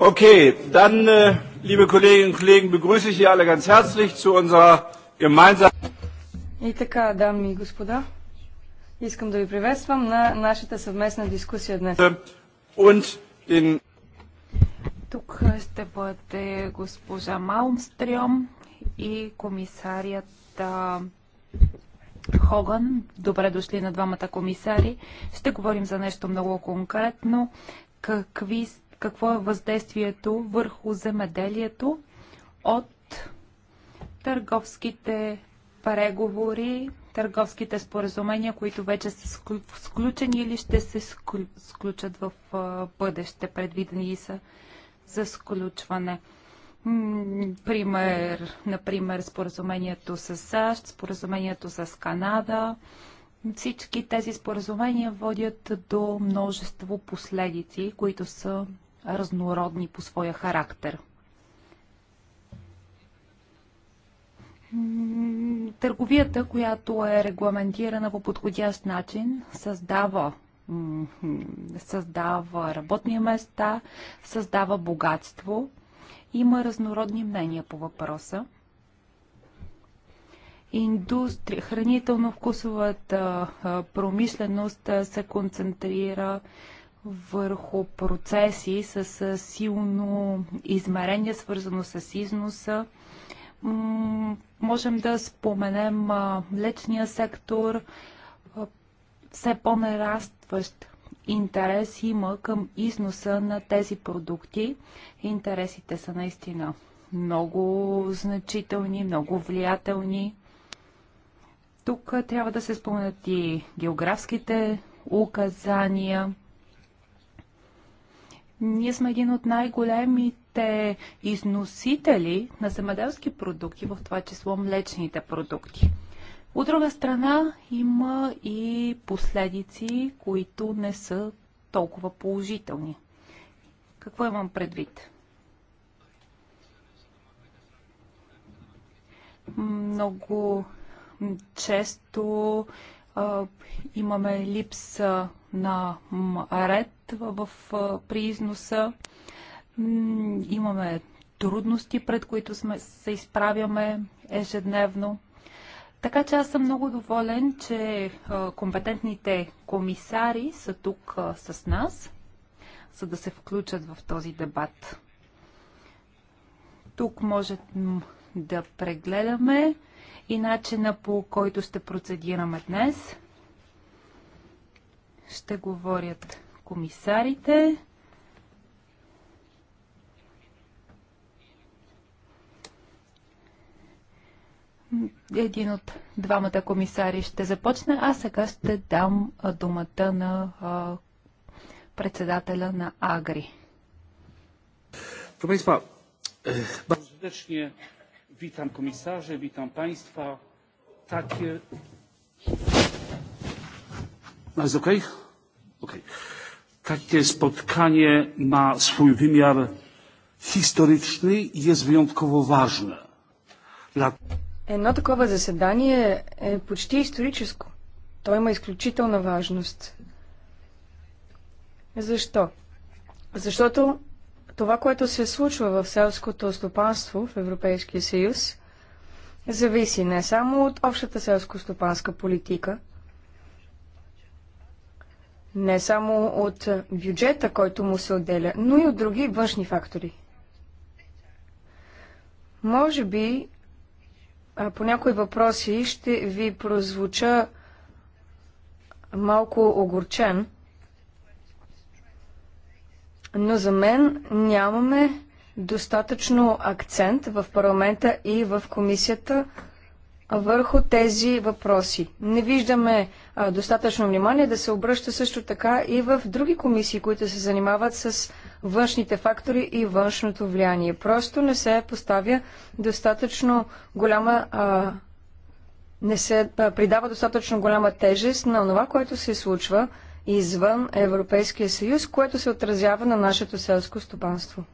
Okay, dann, äh, liebe Kolleginnen und Kollegen, begrüße ich Sie alle ganz herzlich zu unserer gemeinsamen. И така, дами и господа, искам да ви приветствам на нашата съвместна дискусия днес. Тук ще бъде госпожа Малмстрём и комисарият Хоган. Добре дошли на двамата комисари. Ще говорим за нещо много конкретно. Какви какво е въздействието върху земеделието от търговските преговори, търговските споразумения, които вече са сключени или ще се сключат в бъдеще, предвидени са за сключване. Пример, например, споразумението с САЩ, споразумението с Канада. Всички тези споразумения водят до множество последици, които са разнородни по своя характер. Търговията, която е регламентирана по подходящ начин, създава създава работни места, създава богатство. Има разнородни мнения по въпроса. Индустри... Хранително-вкусовата промишленост се концентрира върху процеси с силно измерение, свързано с износа. Можем да споменем млечния сектор, все по-нарастващ интерес има към износа на тези продукти. Интересите са наистина много значителни, много влиятелни. Тук трябва да се споменат и географските указания – ние сме един от най-големите износители на земеделски продукти, в това число млечните продукти. От друга страна има и последици, които не са толкова положителни. Какво имам предвид? Много често Имаме липса на ред в, при износа. Имаме трудности, пред които сме, се изправяме ежедневно. Така че аз съм много доволен, че компетентните комисари са тук с нас, за да се включат в този дебат. Тук може да прегледаме и начина по който ще процедираме днес. Ще говорят комисарите. един от двамата комисари ще започне, а сега ще дам думата на а, председателя на Агри. Proszę e, witam komisarzy witam państwa takie takie spotkanie ma swój wymiar historyczny i jest wyjątkowo ważne. Едно такова заседание е почти историческо. То има изключителна важност. Защо? Защото това, което се случва в селското стопанство в Европейския съюз, зависи не само от общата селско-стопанска политика, не само от бюджета, който му се отделя, но и от други външни фактори. Може би по някои въпроси ще ви прозвуча малко огорчен – но за мен нямаме достатъчно акцент в парламента и в комисията върху тези въпроси. Не виждаме а, достатъчно внимание да се обръща също така и в други комисии, които се занимават с външните фактори и външното влияние. Просто не се поставя достатъчно голяма. А, не се а, придава достатъчно голяма тежест на това, което се случва извън Европейския съюз, което се отразява на нашето селско стопанство.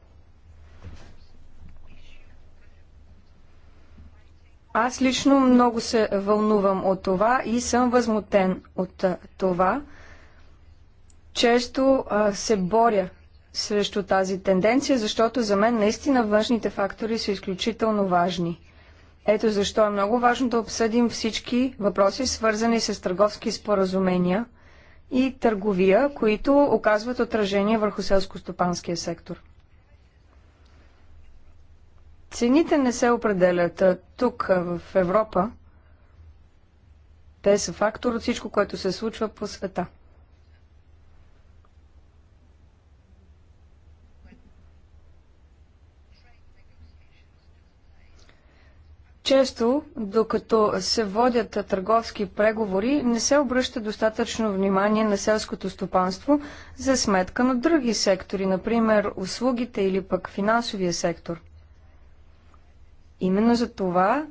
Аз лично много се вълнувам от това и съм възмутен от това. Често а, се боря срещу тази тенденция, защото за мен наистина външните фактори са изключително важни. Ето защо е много важно да обсъдим всички въпроси, свързани с търговски споразумения – и търговия, които оказват отражение върху селско-стопанския сектор. Цените не се определят тук в Европа. Те са фактор от всичко, което се случва по света. Често, докато се водят търговски преговори, не се обръща достатъчно внимание на селското стопанство за сметка на други сектори, например услугите или пък финансовия сектор. Именно за това,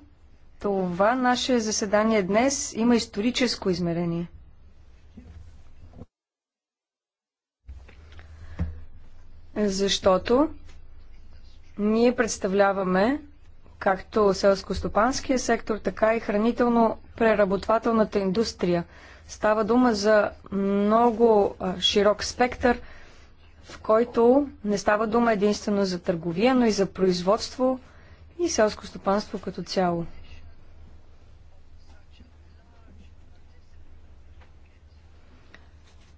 това наше заседание днес има историческо измерение. Защото ние представляваме както селско-стопанския сектор, така и хранително-преработвателната индустрия. Става дума за много широк спектър, в който не става дума единствено за търговия, но и за производство и селско стопанство като цяло.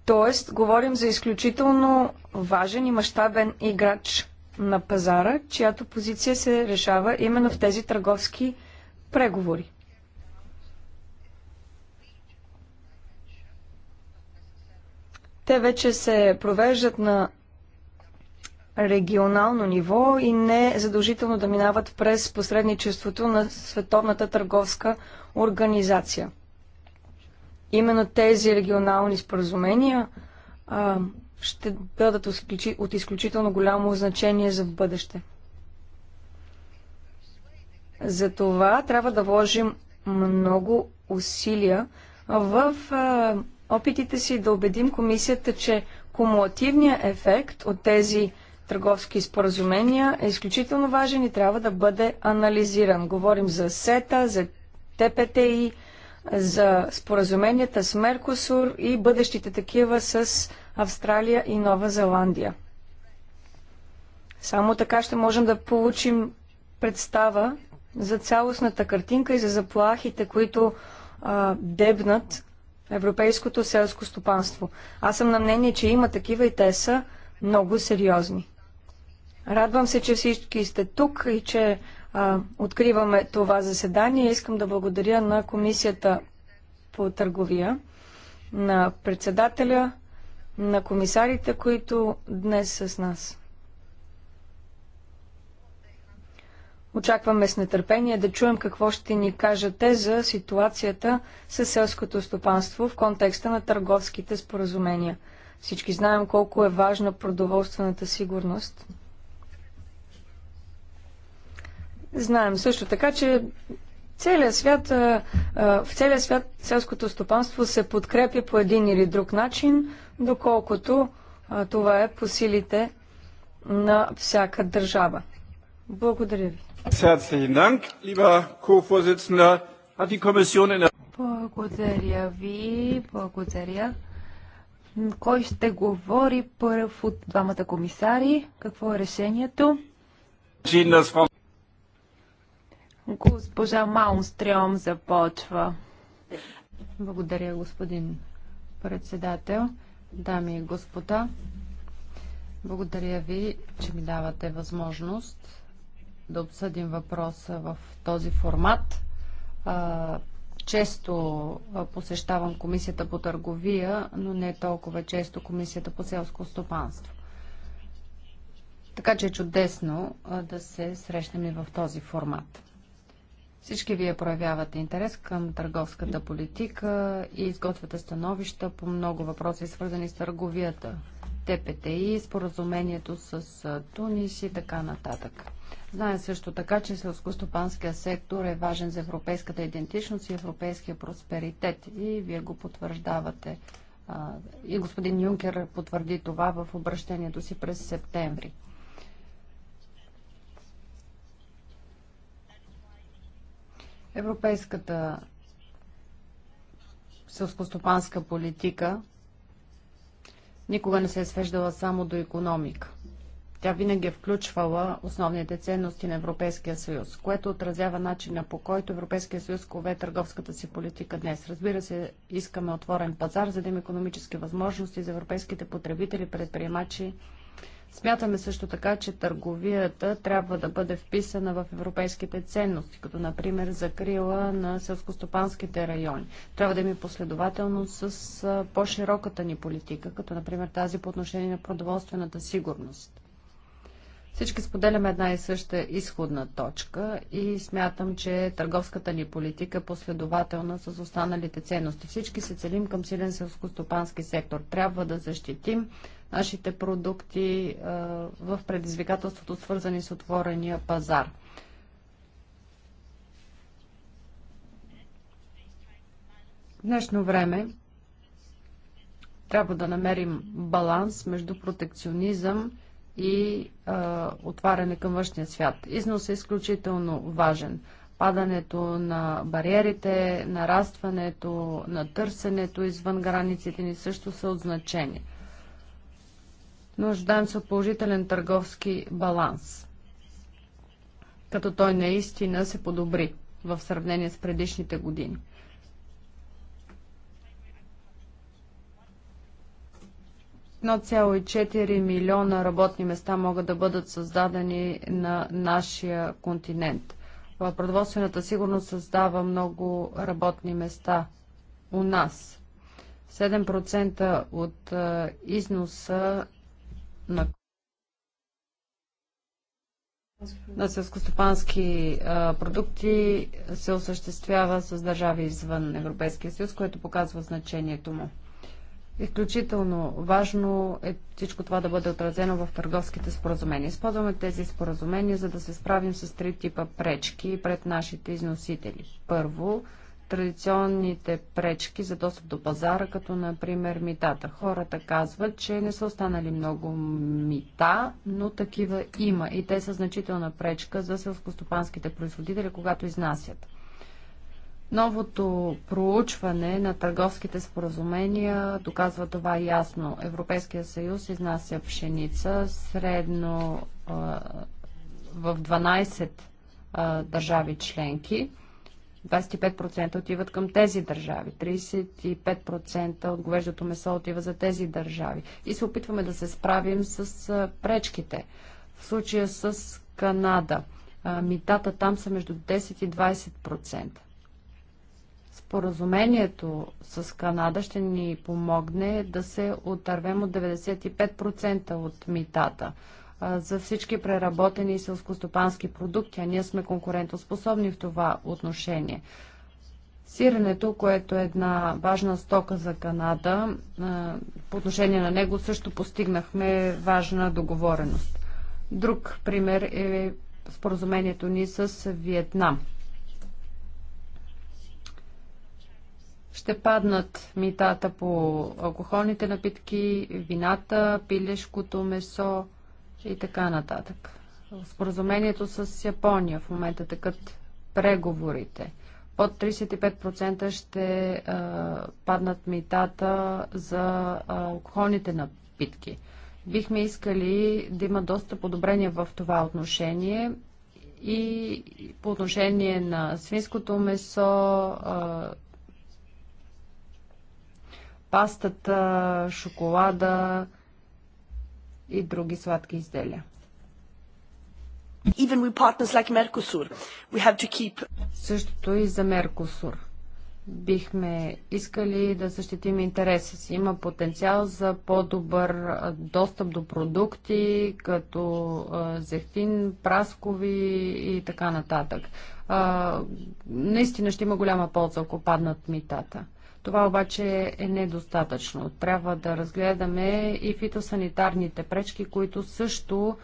Тоест, говорим за изключително важен и мащабен играч – на пазара, чиято позиция се решава именно в тези търговски преговори. Те вече се провеждат на регионално ниво и не задължително да минават през посредничеството на Световната търговска организация. Именно тези регионални споразумения а, ще бъдат от изключително голямо значение за в бъдеще. За това трябва да вложим много усилия в опитите си да убедим комисията, че кумулативният ефект от тези търговски споразумения е изключително важен и трябва да бъде анализиран. Говорим за СЕТА, за ТПТИ, за споразуменията с Меркосур и бъдещите такива с Австралия и Нова Зеландия. Само така ще можем да получим представа за цялостната картинка и за заплахите, които а, дебнат европейското селско стопанство. Аз съм на мнение, че има такива и те са много сериозни. Радвам се, че всички сте тук и че а, откриваме това заседание. Искам да благодаря на Комисията по търговия, на председателя, на комисарите, които днес са с нас. Очакваме с нетърпение да чуем какво ще ни кажат те за ситуацията с селското стопанство в контекста на търговските споразумения. Всички знаем колко е важна продоволствената сигурност. Знаем също така, че целия свят, в целия свят селското стопанство се подкрепи по един или друг начин, доколкото това е по силите на всяка държава. Благодаря ви. Благодаря ви. Благодаря. Кой ще говори първ от двамата комисари? Какво е решението? Госпожа Маунстрем започва. Благодаря, господин председател, дами и господа. Благодаря ви, че ми давате възможност да обсъдим въпроса в този формат. Често посещавам Комисията по търговия, но не толкова често Комисията по селско стопанство. Така че е чудесно да се срещнем и в този формат. Всички вие проявявате интерес към търговската политика и изготвяте становища по много въпроси, свързани с търговията. ТПТИ, споразумението с Тунис и така нататък. Знаем също така, че селскостопанския сектор е важен за европейската идентичност и европейския просперитет. И вие го потвърждавате. И господин Юнкер потвърди това в обращението си през септември. Европейската селскостопанска политика никога не се е свеждала само до економика. Тя винаги е включвала основните ценности на Европейския съюз, което отразява начина по който Европейския съюз кове търговската си политика днес. Разбира се, искаме отворен пазар, за да има економически възможности за европейските потребители, предприемачи Смятаме също така, че търговията трябва да бъде вписана в европейските ценности, като например закрила на селскостопанските райони. Трябва да има последователно с по-широката ни политика, като например тази по отношение на продоволствената сигурност. Всички споделяме една и съща изходна точка и смятам, че търговската ни политика е последователна с останалите ценности. Всички се целим към силен селскостопански сектор. Трябва да защитим нашите продукти в предизвикателството, свързани с отворения пазар. В днешно време трябва да намерим баланс между протекционизъм и а, отваряне към външния свят. Износ е изключително важен. Падането на бариерите, нарастването на търсенето извън границите ни също са от значение – Нуждаем се от положителен търговски баланс, като той наистина се подобри в сравнение с предишните години. Но 1,4 милиона работни места могат да бъдат създадени на нашия континент. Продоволствената сигурност създава много работни места у нас. 7% от е, износа на на селскостопански продукти се осъществява с държави извън Европейския съюз, което показва значението му. Изключително важно е всичко това да бъде отразено в търговските споразумения. Използваме тези споразумения, за да се справим с три типа пречки пред нашите износители. Първо, традиционните пречки за достъп до пазара, като например митата. Хората казват, че не са останали много мита, но такива има и те са значителна пречка за селскостопанските производители, когато изнасят. Новото проучване на търговските споразумения доказва това ясно. Европейския съюз изнася пшеница средно а, в 12 а, държави членки. 25% отиват към тези държави, 35% от говеждото месо отива за тези държави. И се опитваме да се справим с пречките. В случая с Канада, митата там са между 10 и 20%. Споразумението с Канада ще ни помогне да се отървем от 95% от митата за всички преработени селскостопански продукти, а ние сме конкурентоспособни в това отношение. Сиренето, което е една важна стока за Канада, по отношение на него също постигнахме важна договореност. Друг пример е споразумението ни с Виетнам. ще паднат митата по алкохолните напитки, вината, пилешкото месо, и така нататък. Споразумението с Япония в момента такът преговорите. Под 35% ще а, паднат митата за алкохолните напитки. Бихме искали да има доста подобрения в това отношение и по отношение на свинското месо, а, пастата, шоколада, и други сладки изделия. Even with partners like Mercosur, we have to keep... Същото и за Меркосур. Бихме искали да защитим интереса си. Има потенциал за по-добър достъп до продукти, като зехтин, праскови и така нататък. наистина ще има голяма полза, ако паднат митата. Това обаче е недостатъчно. Трябва да разгледаме и фитосанитарните пречки, които също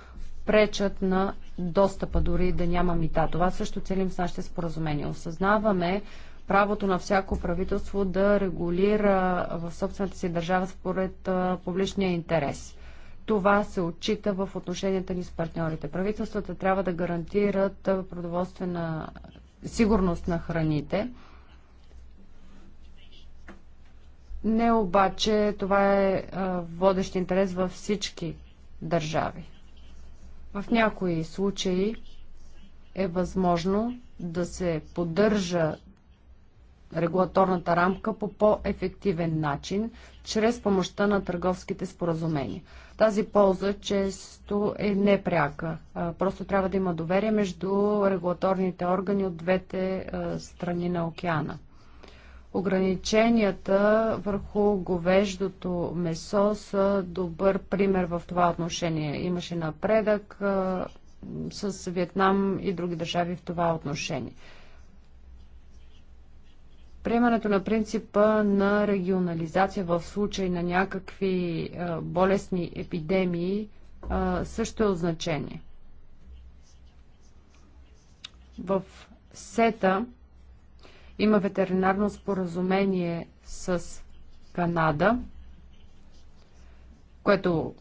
пречат на достъпа, дори да няма мита. Това също целим с нашите споразумения. Осъзнаваме правото на всяко правителство да регулира в собствената си държава според публичния интерес. Това се отчита в отношенията ни с партньорите. Правителствата трябва да гарантират продоволствена сигурност на храните. Не обаче това е водещ интерес във всички държави. В някои случаи е възможно да се поддържа регулаторната рамка по по-ефективен начин, чрез помощта на търговските споразумения. Тази полза често е непряка. Просто трябва да има доверие между регулаторните органи от двете страни на океана. Ограниченията върху говеждото месо са добър пример в това отношение. Имаше напредък а, с Виетнам и други държави в това отношение. Приемането на принципа на регионализация в случай на някакви а, болестни епидемии а, също е от значение. В сета има ветеринарно споразумение с Канада, което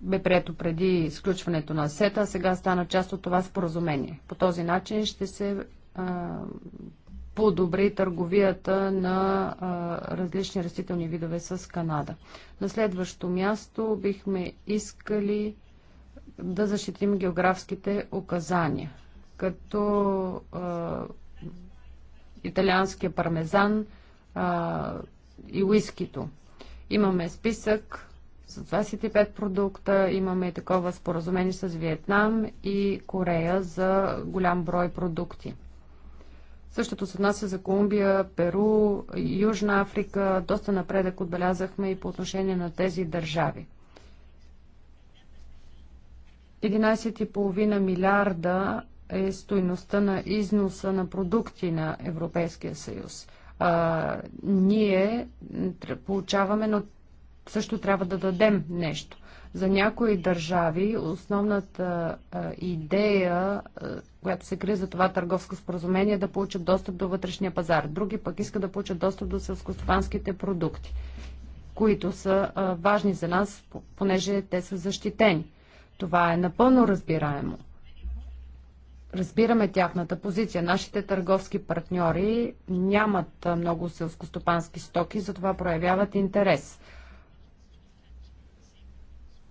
бе прието преди изключването на сета, а сега стана част от това споразумение. По този начин ще се а, подобри търговията на а, различни растителни видове с Канада. На следващо място бихме искали да защитим географските указания, като а, италианския пармезан а, и уискито. Имаме списък с 25 продукта, имаме и такова споразумение с Виетнам и Корея за голям брой продукти. Същото се отнася за Колумбия, Перу, Южна Африка. Доста напредък отбелязахме и по отношение на тези държави. 11,5 милиарда е стойността на износа на продукти на Европейския съюз. А, ние получаваме, но също трябва да дадем нещо. За някои държави основната а, идея, а, която се крие за това търговско споразумение, е да получат достъп до вътрешния пазар. Други пък искат да получат достъп до селскостопанските продукти, които са а, важни за нас, понеже те са защитени. Това е напълно разбираемо. Разбираме тяхната позиция. Нашите търговски партньори нямат много селскостопански стоки, затова проявяват интерес.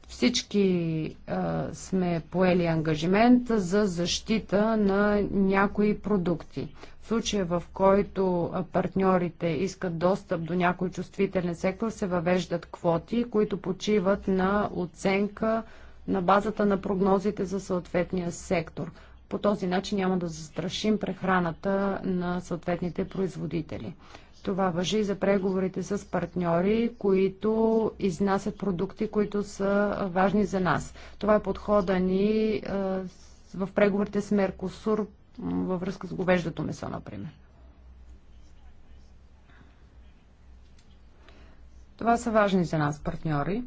Всички а, сме поели ангажимент за защита на някои продукти. В случая, в който партньорите искат достъп до някой чувствителен сектор, се въвеждат квоти, които почиват на оценка на базата на прогнозите за съответния сектор. По този начин няма да застрашим прехраната на съответните производители. Това въжи и за преговорите с партньори, които изнасят продукти, които са важни за нас. Това е подхода ни е, в преговорите с Меркосур във връзка с говеждато месо, например. Това са важни за нас партньори.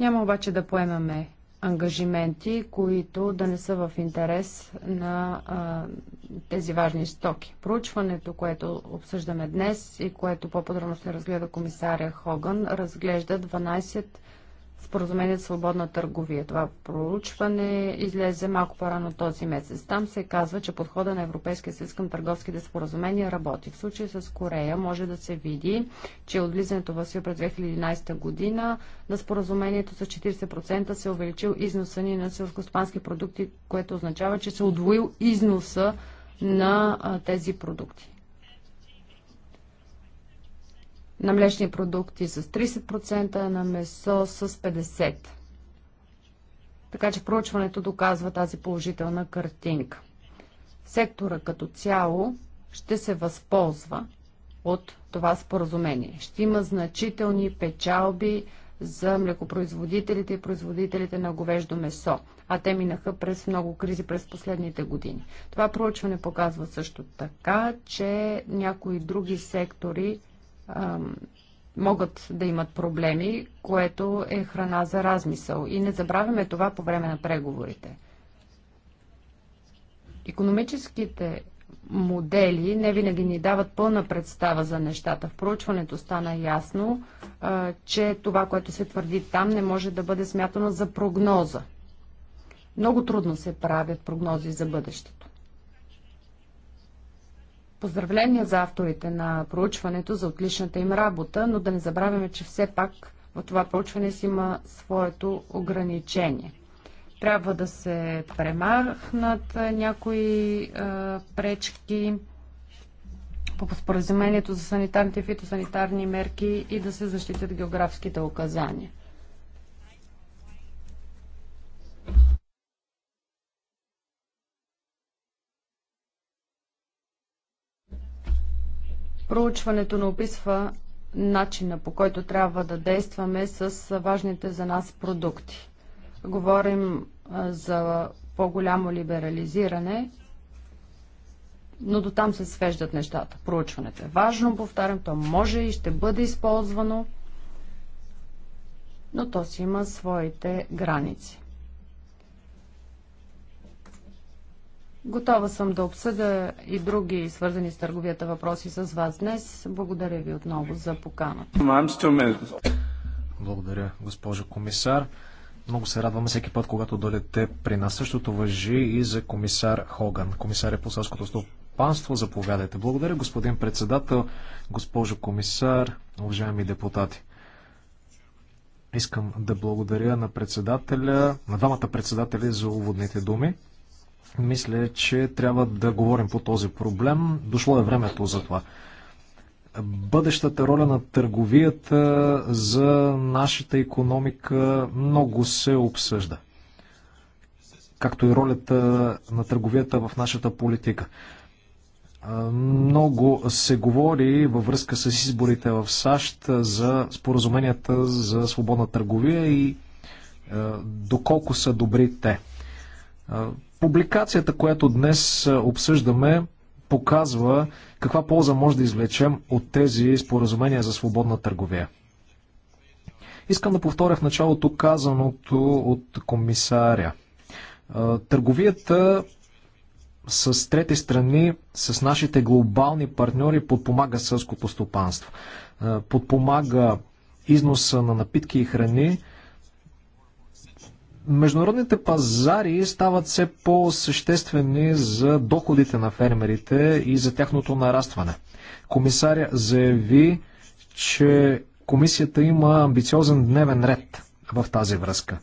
Няма обаче да поемаме ангажименти, които да не са в интерес на а, тези важни стоки. Проучването, което обсъждаме днес и което по-подробно се разгледа комисаря Хоган, разглежда 12 споразумение за свободна търговия. Това проучване излезе малко по-рано този месец. Там се казва, че подхода на Европейския съюз към търговските споразумения работи. В случай с Корея може да се види, че от влизането в сила през 2011 година на споразумението с 40% се е увеличил износа ни на селскостопански продукти, което означава, че се е удвоил износа на а, тези продукти на млечни продукти с 30%, на месо с 50%. Така че проучването доказва тази положителна картинка. Сектора като цяло ще се възползва от това споразумение. Ще има значителни печалби за млекопроизводителите и производителите на говеждо месо, а те минаха през много кризи през последните години. Това проучване показва също така, че някои други сектори могат да имат проблеми, което е храна за размисъл. И не забравяме това по време на преговорите. Економическите модели не винаги ни дават пълна представа за нещата. В проучването стана ясно, че това, което се твърди там, не може да бъде смятано за прогноза. Много трудно се правят прогнози за бъдещето. Поздравления за авторите на проучването, за отличната им работа, но да не забравяме, че все пак в това проучване си има своето ограничение. Трябва да се премахнат някои е, пречки по споразумението за санитарните и фитосанитарни мерки и да се защитят географските указания. Проучването на описва начина по който трябва да действаме с важните за нас продукти. Говорим за по-голямо либерализиране, но до там се свеждат нещата. Проучването е важно, повтарям, то може и ще бъде използвано, но то си има своите граници. Готова съм да обсъда и други свързани с търговията въпроси с вас днес. Благодаря ви отново за поканата. Благодаря, госпожо комисар. Много се радваме всеки път, когато долете при нас. Същото въжи и за комисар Хоган. Комисаря е по селското стопанство, заповядайте. Благодаря, господин председател, госпожо комисар, уважаеми депутати. Искам да благодаря на председателя, на двамата председатели за уводните думи. Мисля, че трябва да говорим по този проблем. Дошло е времето за това. Бъдещата роля на търговията за нашата економика много се обсъжда. Както и ролята на търговията в нашата политика. Много се говори във връзка с изборите в САЩ за споразуменията за свободна търговия и доколко са добри те. Публикацията, която днес обсъждаме, показва каква полза може да извлечем от тези споразумения за свободна търговия. Искам да повторя в началото казаното от комисаря. Търговията с трети страни, с нашите глобални партньори подпомага сълското стопанство. Подпомага износа на напитки и храни, Международните пазари стават все по-съществени за доходите на фермерите и за тяхното нарастване. Комисаря заяви, че комисията има амбициозен дневен ред в тази връзка.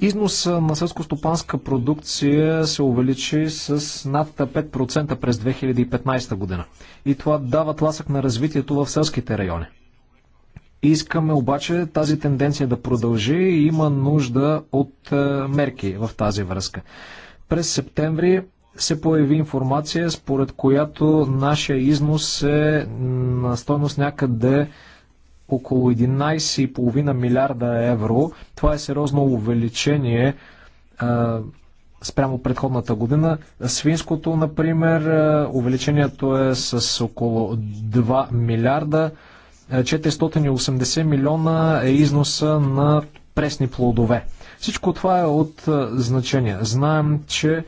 Износа на сълскостопанска продукция се увеличи с над 5% през 2015 година. И това дава тласък на развитието в селските райони. Искаме обаче тази тенденция да продължи и има нужда от е, мерки в тази връзка. През септември се появи информация, според която нашия износ е на стойност някъде около 11,5 милиарда евро. Това е сериозно увеличение е, спрямо предходната година. Свинското, например, е, увеличението е с около 2 милиарда евро 480 милиона е износа на пресни плодове. Всичко това е от значение. Знаем, че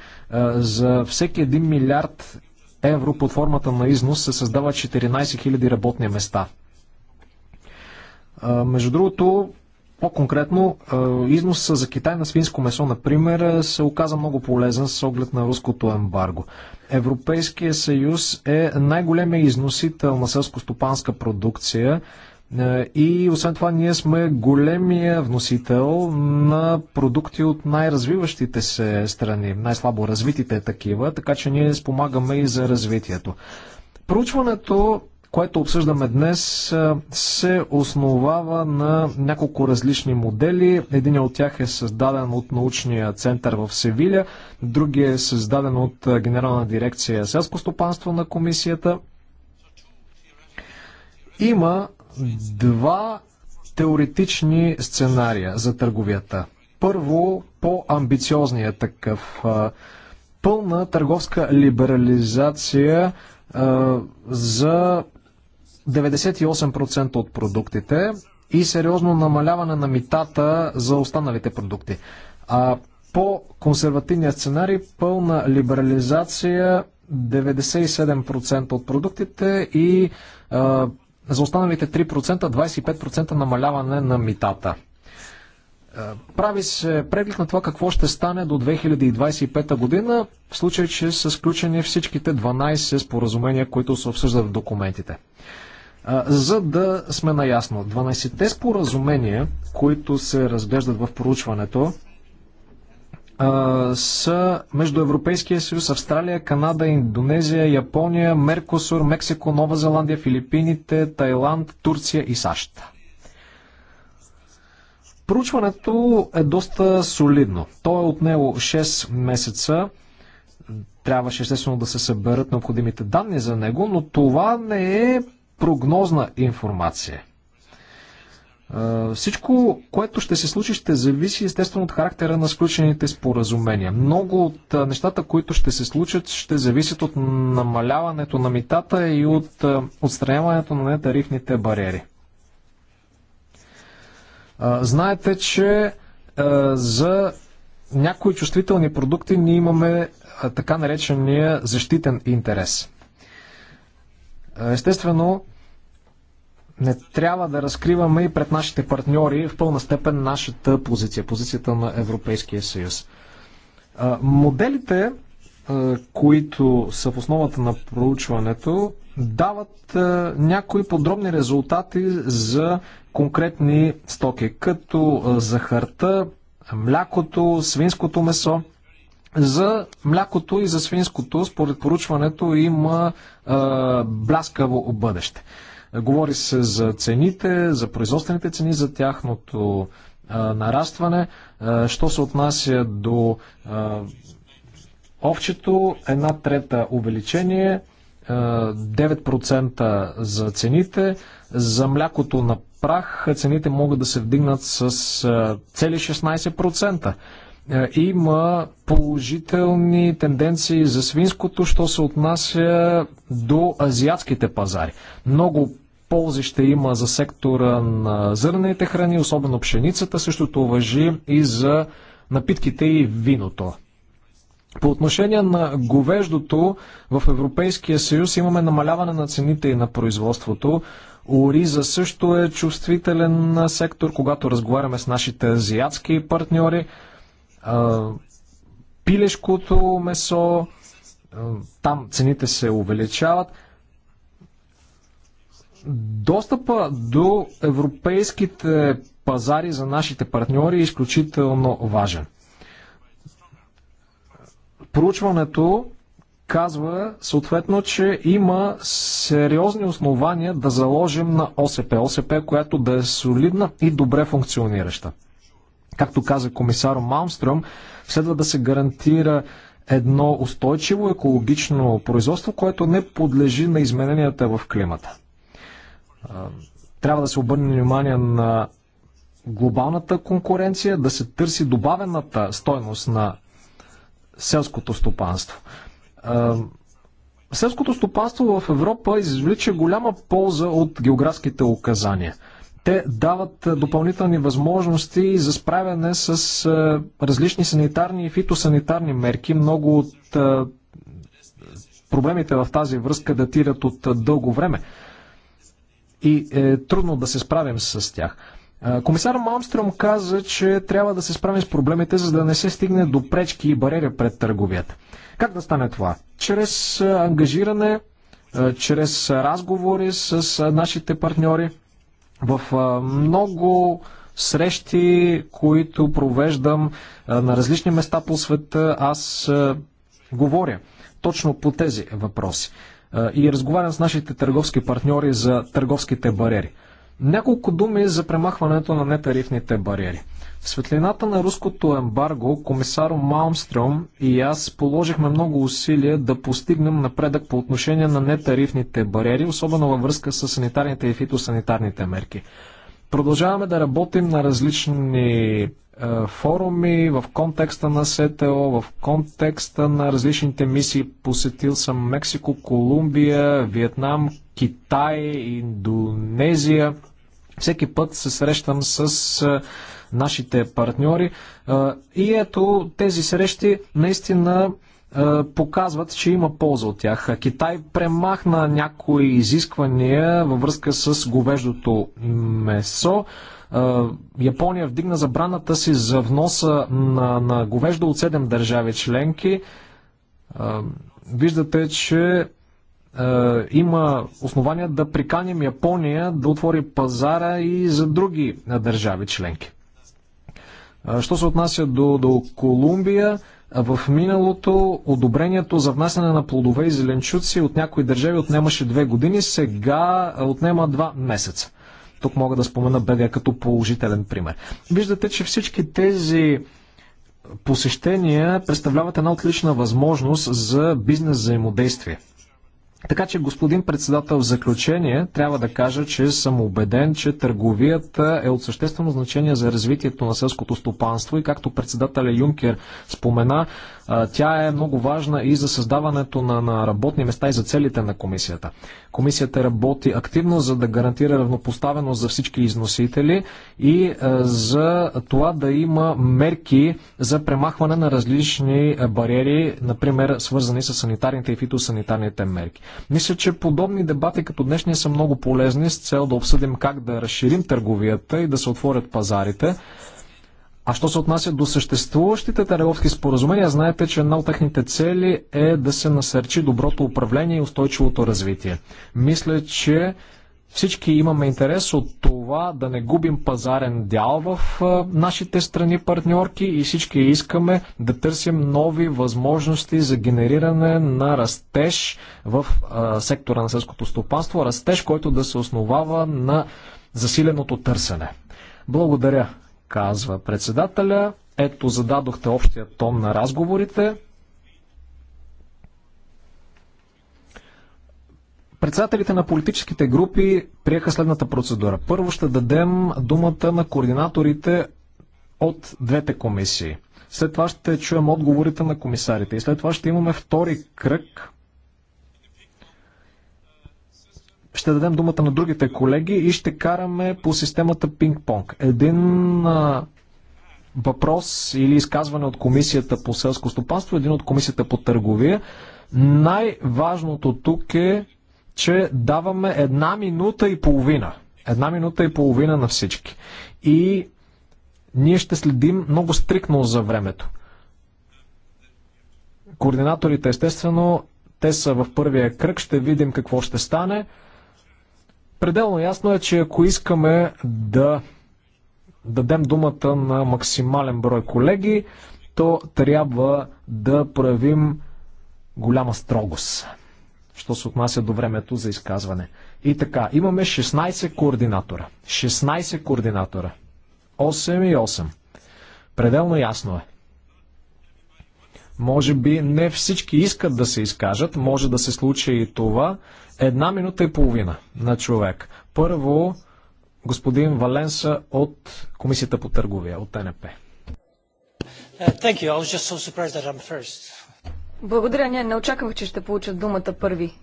за всеки 1 милиард евро под формата на износ се създават 14 000 работни места. Между другото, по-конкретно, износа за Китай на свинско месо, например, се оказа много полезен с оглед на руското ембарго. Европейския съюз е най-големия износител на селско-стопанска продукция и освен това ние сме големия вносител на продукти от най-развиващите се страни, най-слабо развитите такива, така че ние спомагаме и за развитието. Проучването което обсъждаме днес, се основава на няколко различни модели. Един от тях е създаден от научния център в Севиля, другия е създаден от Генерална дирекция селско стопанство на комисията. Има два теоретични сценария за търговията. Първо, по-амбициозният такъв. Пълна търговска либерализация за 98% от продуктите и сериозно намаляване на митата за останалите продукти. А по консервативния сценарий пълна либерализация 97% от продуктите и а, за останалите 3% 25% намаляване на митата. Прави се преглед на това какво ще стане до 2025 година, в случай, че са сключени всичките 12 споразумения, които се обсъждат в документите за да сме наясно. 12-те споразумения, които се разглеждат в проучването, са между Европейския съюз, Австралия, Канада, Индонезия, Япония, Меркосур, Мексико, Нова Зеландия, Филипините, Тайланд, Турция и САЩ. Проучването е доста солидно. То е отнело 6 месеца. Трябваше естествено да се съберат необходимите данни за него, но това не е прогнозна информация. Всичко, което ще се случи, ще зависи естествено от характера на сключените споразумения. Много от нещата, които ще се случат, ще зависят от намаляването на митата и от отстраняването на нетарифните бариери. Знаете, че за някои чувствителни продукти ние имаме така наречения защитен интерес. Естествено, не трябва да разкриваме и пред нашите партньори в пълна степен нашата позиция, позицията на Европейския съюз. Моделите, които са в основата на проучването, дават някои подробни резултати за конкретни стоки, като захарта, млякото, свинското месо. За млякото и за свинското, според поручването, има е, бляскаво бъдеще. Говори се за цените, за производствените цени, за тяхното нарастване. Що се отнася до Овчето една трета увеличение, 9% за цените. За млякото на прах цените могат да се вдигнат с цели 16%. Има положителни тенденции за свинското, що се отнася до азиатските пазари. Много ползи ще има за сектора на зърнените храни, особено пшеницата. Същото въжи и за напитките и виното. По отношение на говеждото, в Европейския съюз имаме намаляване на цените и на производството. Ориза също е чувствителен сектор, когато разговаряме с нашите азиатски партньори. Пилешкото месо, там цените се увеличават. Достъпа до европейските пазари за нашите партньори е изключително важен. Проучването казва съответно, че има сериозни основания да заложим на ОСП. ОСП, която да е солидна и добре функционираща. Както каза комисар Малмстром, следва да се гарантира едно устойчиво екологично производство, което не подлежи на измененията в климата. Трябва да се обърне внимание на глобалната конкуренция, да се търси добавената стойност на селското стопанство. Селското стопанство в Европа извлича голяма полза от географските указания. Те дават допълнителни възможности за справяне с различни санитарни и фитосанитарни мерки. Много от проблемите в тази връзка датират от дълго време и е трудно да се справим с тях. Комисар Малмстром каза, че трябва да се справим с проблемите, за да не се стигне до пречки и барери пред търговията. Как да стане това? Чрез ангажиране, чрез разговори с нашите партньори. В много срещи, които провеждам на различни места по света, аз говоря точно по тези въпроси и разговарям с нашите търговски партньори за търговските бариери. Няколко думи за премахването на нетарифните бариери. В светлината на руското ембарго, комисар Малмстрем и аз положихме много усилия да постигнем напредък по отношение на нетарифните бариери, особено във връзка с санитарните и фитосанитарните мерки. Продължаваме да работим на различни е, форуми, в контекста на СТО, в контекста на различните мисии. Посетил съм Мексико, Колумбия, Виетнам, Китай, Индонезия. Всеки път се срещам с е, нашите партньори. Е, и ето тези срещи наистина е, показват, че има полза от тях. Китай премахна някои изисквания във връзка с говеждото месо. Е, Япония вдигна забраната си за вноса на, на говеждо от 7 държави членки. Е, виждате, че има основания да приканим Япония да отвори пазара и за други държави членки. Що се отнася до, до Колумбия, в миналото одобрението за внасяне на плодове и зеленчуци от някои държави отнемаше две години, сега отнема два месеца. Тук мога да спомена БГ като положителен пример. Виждате, че всички тези посещения представляват една отлична възможност за бизнес взаимодействие – така че, господин председател, в заключение трябва да кажа, че съм убеден, че търговията е от съществено значение за развитието на селското стопанство и както председателя Юнкер спомена, тя е много важна и за създаването на, на работни места и за целите на комисията. Комисията работи активно за да гарантира равнопоставеност за всички износители и за това да има мерки за премахване на различни бариери, например свързани с санитарните и фитосанитарните мерки. Мисля, че подобни дебати като днешния са много полезни с цел да обсъдим как да разширим търговията и да се отворят пазарите. А що се отнася до съществуващите търговски споразумения, знаете, че една от техните цели е да се насърчи доброто управление и устойчивото развитие. Мисля, че всички имаме интерес от това да не губим пазарен дял в нашите страни партньорки и всички искаме да търсим нови възможности за генериране на растеж в сектора на сълското стопанство, растеж, който да се основава на засиленото търсене. Благодаря, казва председателя. Ето зададохте общия тон на разговорите. Председателите на политическите групи приеха следната процедура. Първо ще дадем думата на координаторите от двете комисии. След това ще чуем отговорите на комисарите. И след това ще имаме втори кръг. Ще дадем думата на другите колеги и ще караме по системата пинг-понг. Един а, въпрос или изказване от комисията по селско стопанство, един от комисията по търговия. Най-важното тук е че даваме една минута и половина. Една минута и половина на всички. И ние ще следим много стрикно за времето. Координаторите, естествено, те са в първия кръг, ще видим какво ще стане. Пределно ясно е, че ако искаме да дадем думата на максимален брой колеги, то трябва да проявим голяма строгост що се отнася до времето за изказване. И така, имаме 16 координатора. 16 координатора. 8 и 8. Пределно ясно е. Може би не всички искат да се изкажат, може да се случи и това. Една минута и половина на човек. Първо, господин Валенса от Комисията по търговия, от НП. Uh, благодаря, Не, не очаквах, че ще получат думата първи.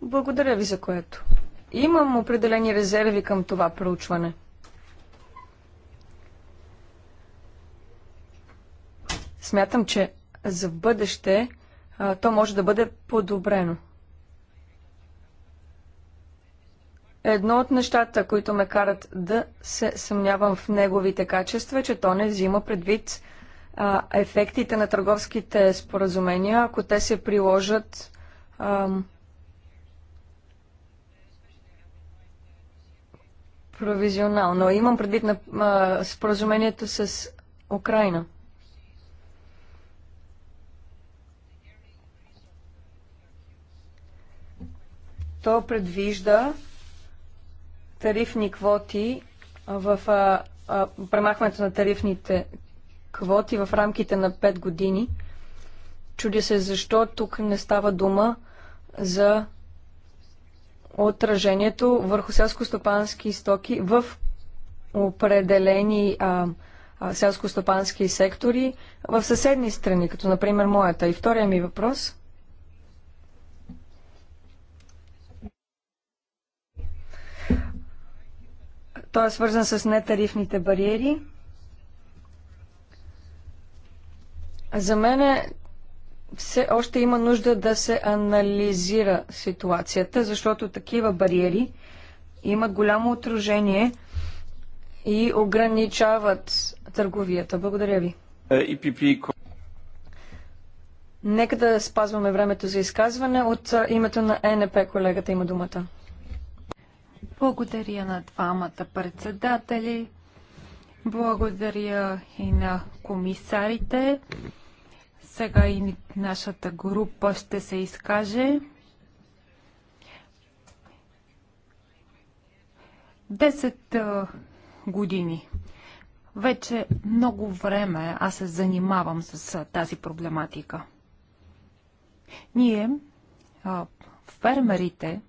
Благодаря ви за което. Имам определени резерви към това проучване. Смятам, че за бъдеще а, то може да бъде подобрено. Едно от нещата, които ме карат да се съмнявам в неговите качества, е, че то не взима предвид а, ефектите на търговските споразумения, ако те се приложат а, провизионално. Имам предвид на а, споразумението с Украина. То предвижда тарифни квоти в а, а, премахването на тарифните квоти в рамките на 5 години. Чудя се защо тук не става дума за отражението върху селско-стопански стоки в определени а, а, селско-стопански сектори в съседни страни, като например моята. И втория ми въпрос. Той е свързан с нетарифните бариери. За мен все още има нужда да се анализира ситуацията, защото такива бариери имат голямо отражение и ограничават търговията. Благодаря ви. Е, Нека да спазваме времето за изказване. От името на ЕНП колегата има думата. Благодаря на двамата председатели. Благодаря и на комисарите. Сега и нашата група ще се изкаже. Десет години. Вече много време аз се занимавам с тази проблематика. Ние, фермерите,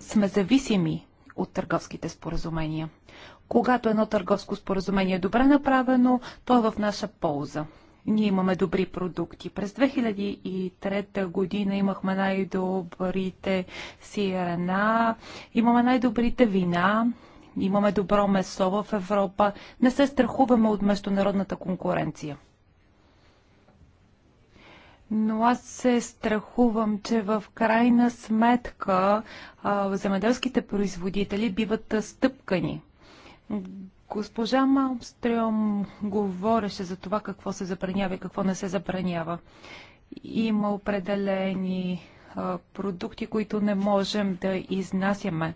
сме зависими от търговските споразумения. Когато едно търговско споразумение е добре направено, то е в наша полза ние имаме добри продукти. През 2003 година имахме най-добрите сирена, имаме най-добрите вина, имаме добро месо в Европа, не се страхуваме от международната конкуренция. Но аз се страхувам, че в крайна сметка а, земеделските производители биват стъпкани Госпожа Малмстрем говореше за това какво се забранява и какво не се забранява. Има определени а, продукти, които не можем да изнасяме.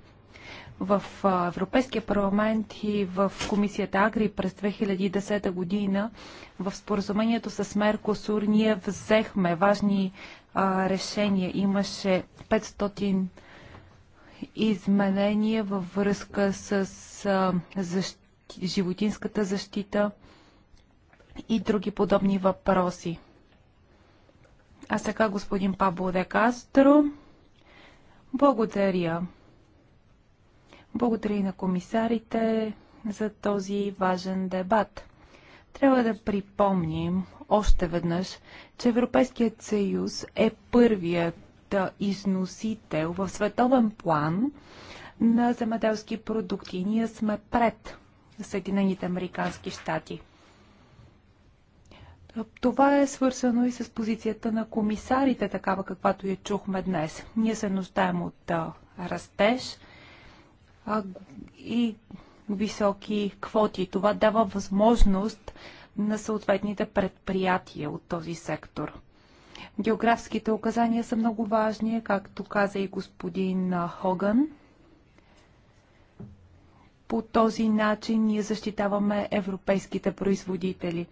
В а, Европейския парламент и в Комисията Агри през 2010 година в споразумението с Меркосур ние взехме важни а, решения. Имаше 500 изменения във връзка с защита животинската защита и други подобни въпроси. А сега господин Пабло де Кастро. Благодаря. Благодаря и на комисарите за този важен дебат. Трябва да припомним още веднъж, че Европейският съюз е първият износител в световен план на земеделски продукти. Ние сме пред Съединените Американски щати. Това е свързано и с позицията на комисарите, такава каквато я чухме днес. Ние се нуждаем от а, растеж а, и високи квоти. Това дава възможност на съответните предприятия от този сектор. Географските указания са много важни, както каза и господин Хоган. По този начин ние защитаваме европейските производители.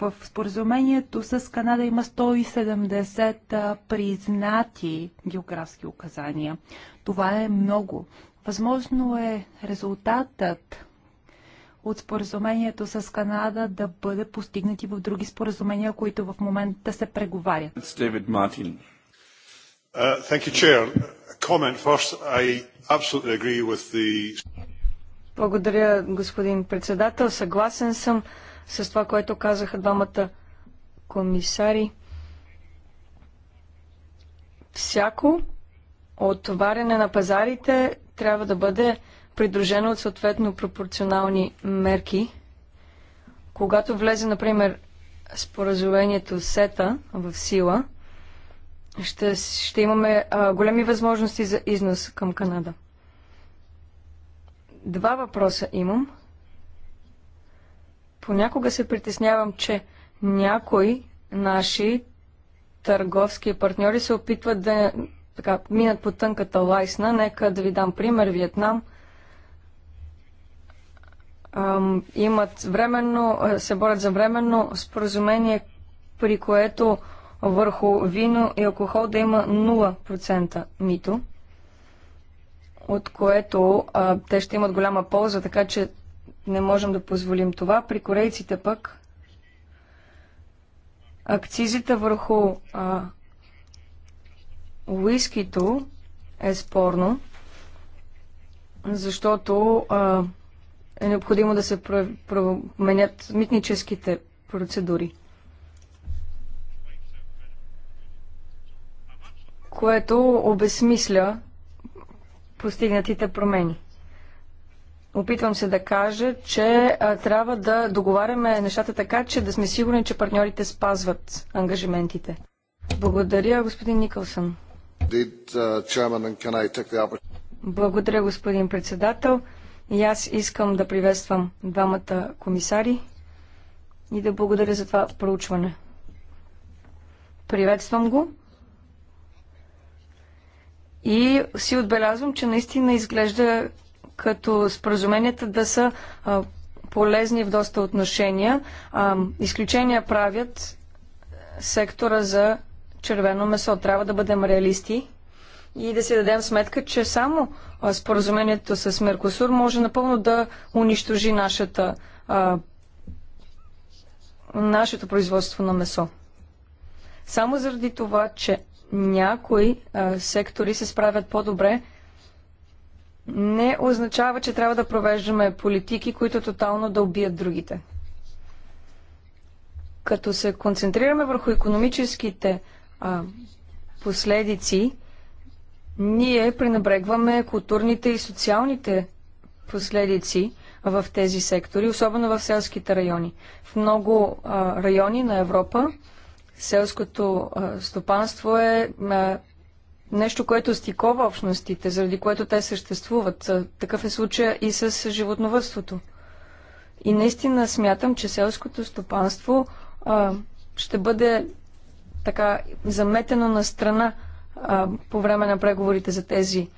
В споразумението с Канада има 170 признати географски указания. Това е много. Възможно е резултатът от споразумението с Канада да бъде постигнати в други споразумения, които в момента се преговарят. Uh, A comment first. I absolutely agree with the... Благодаря, господин председател. Съгласен съм с това, което казаха двамата комисари. Всяко отваряне на пазарите трябва да бъде придружено от съответно пропорционални мерки. Когато влезе, например, споразумението СЕТА в сила – ще, ще имаме а, големи възможности за износ към Канада. Два въпроса имам. Понякога се притеснявам, че някои наши търговски партньори се опитват да така, минат по тънката лайсна. Нека да ви дам пример. Виетнам ам, имат временно, се борят за временно споразумение, при което върху вино и алкохол да има 0% мито, от което а, те ще имат голяма полза, така че не можем да позволим това. При корейците пък акцизите върху а, уискито е спорно, защото а, е необходимо да се променят митническите процедури. което обесмисля постигнатите промени. Опитвам се да кажа, че а, трябва да договаряме нещата така, че да сме сигурни, че партньорите спазват ангажиментите. Благодаря, господин Никълсън. Uh, благодаря, господин председател. И аз искам да приветствам двамата комисари и да благодаря за това проучване. Приветствам го. И си отбелязвам, че наистина изглежда като споразуменията да са а, полезни в доста отношения. А, изключения правят сектора за червено месо. Трябва да бъдем реалисти и да си дадем сметка, че само споразумението с Меркосур може напълно да унищожи нашата, а, нашето производство на месо. Само заради това, че някои а, сектори се справят по-добре, не означава, че трябва да провеждаме политики, които тотално да убият другите. Като се концентрираме върху економическите а, последици, ние пренебрегваме културните и социалните последици в тези сектори, особено в селските райони. В много а, райони на Европа селското стопанство е нещо, което стикова общностите, заради което те съществуват. Такъв е случая и с животновътството. И наистина смятам, че селското стопанство а, ще бъде така заметено на страна а, по време на преговорите за тези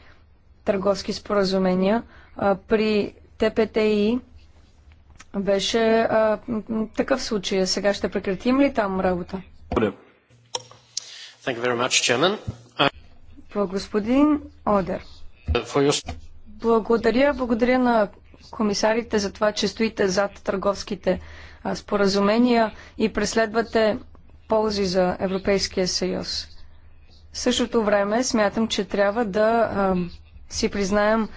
търговски споразумения. А, при ТПТИ беше а, такъв случай. Сега ще прекратим ли там работа? Uh, господин Одер. Благодаря, благодаря на комисарите за това, че стоите зад търговските споразумения и преследвате ползи за Европейския съюз. В същото време смятам, че трябва да а, си признаем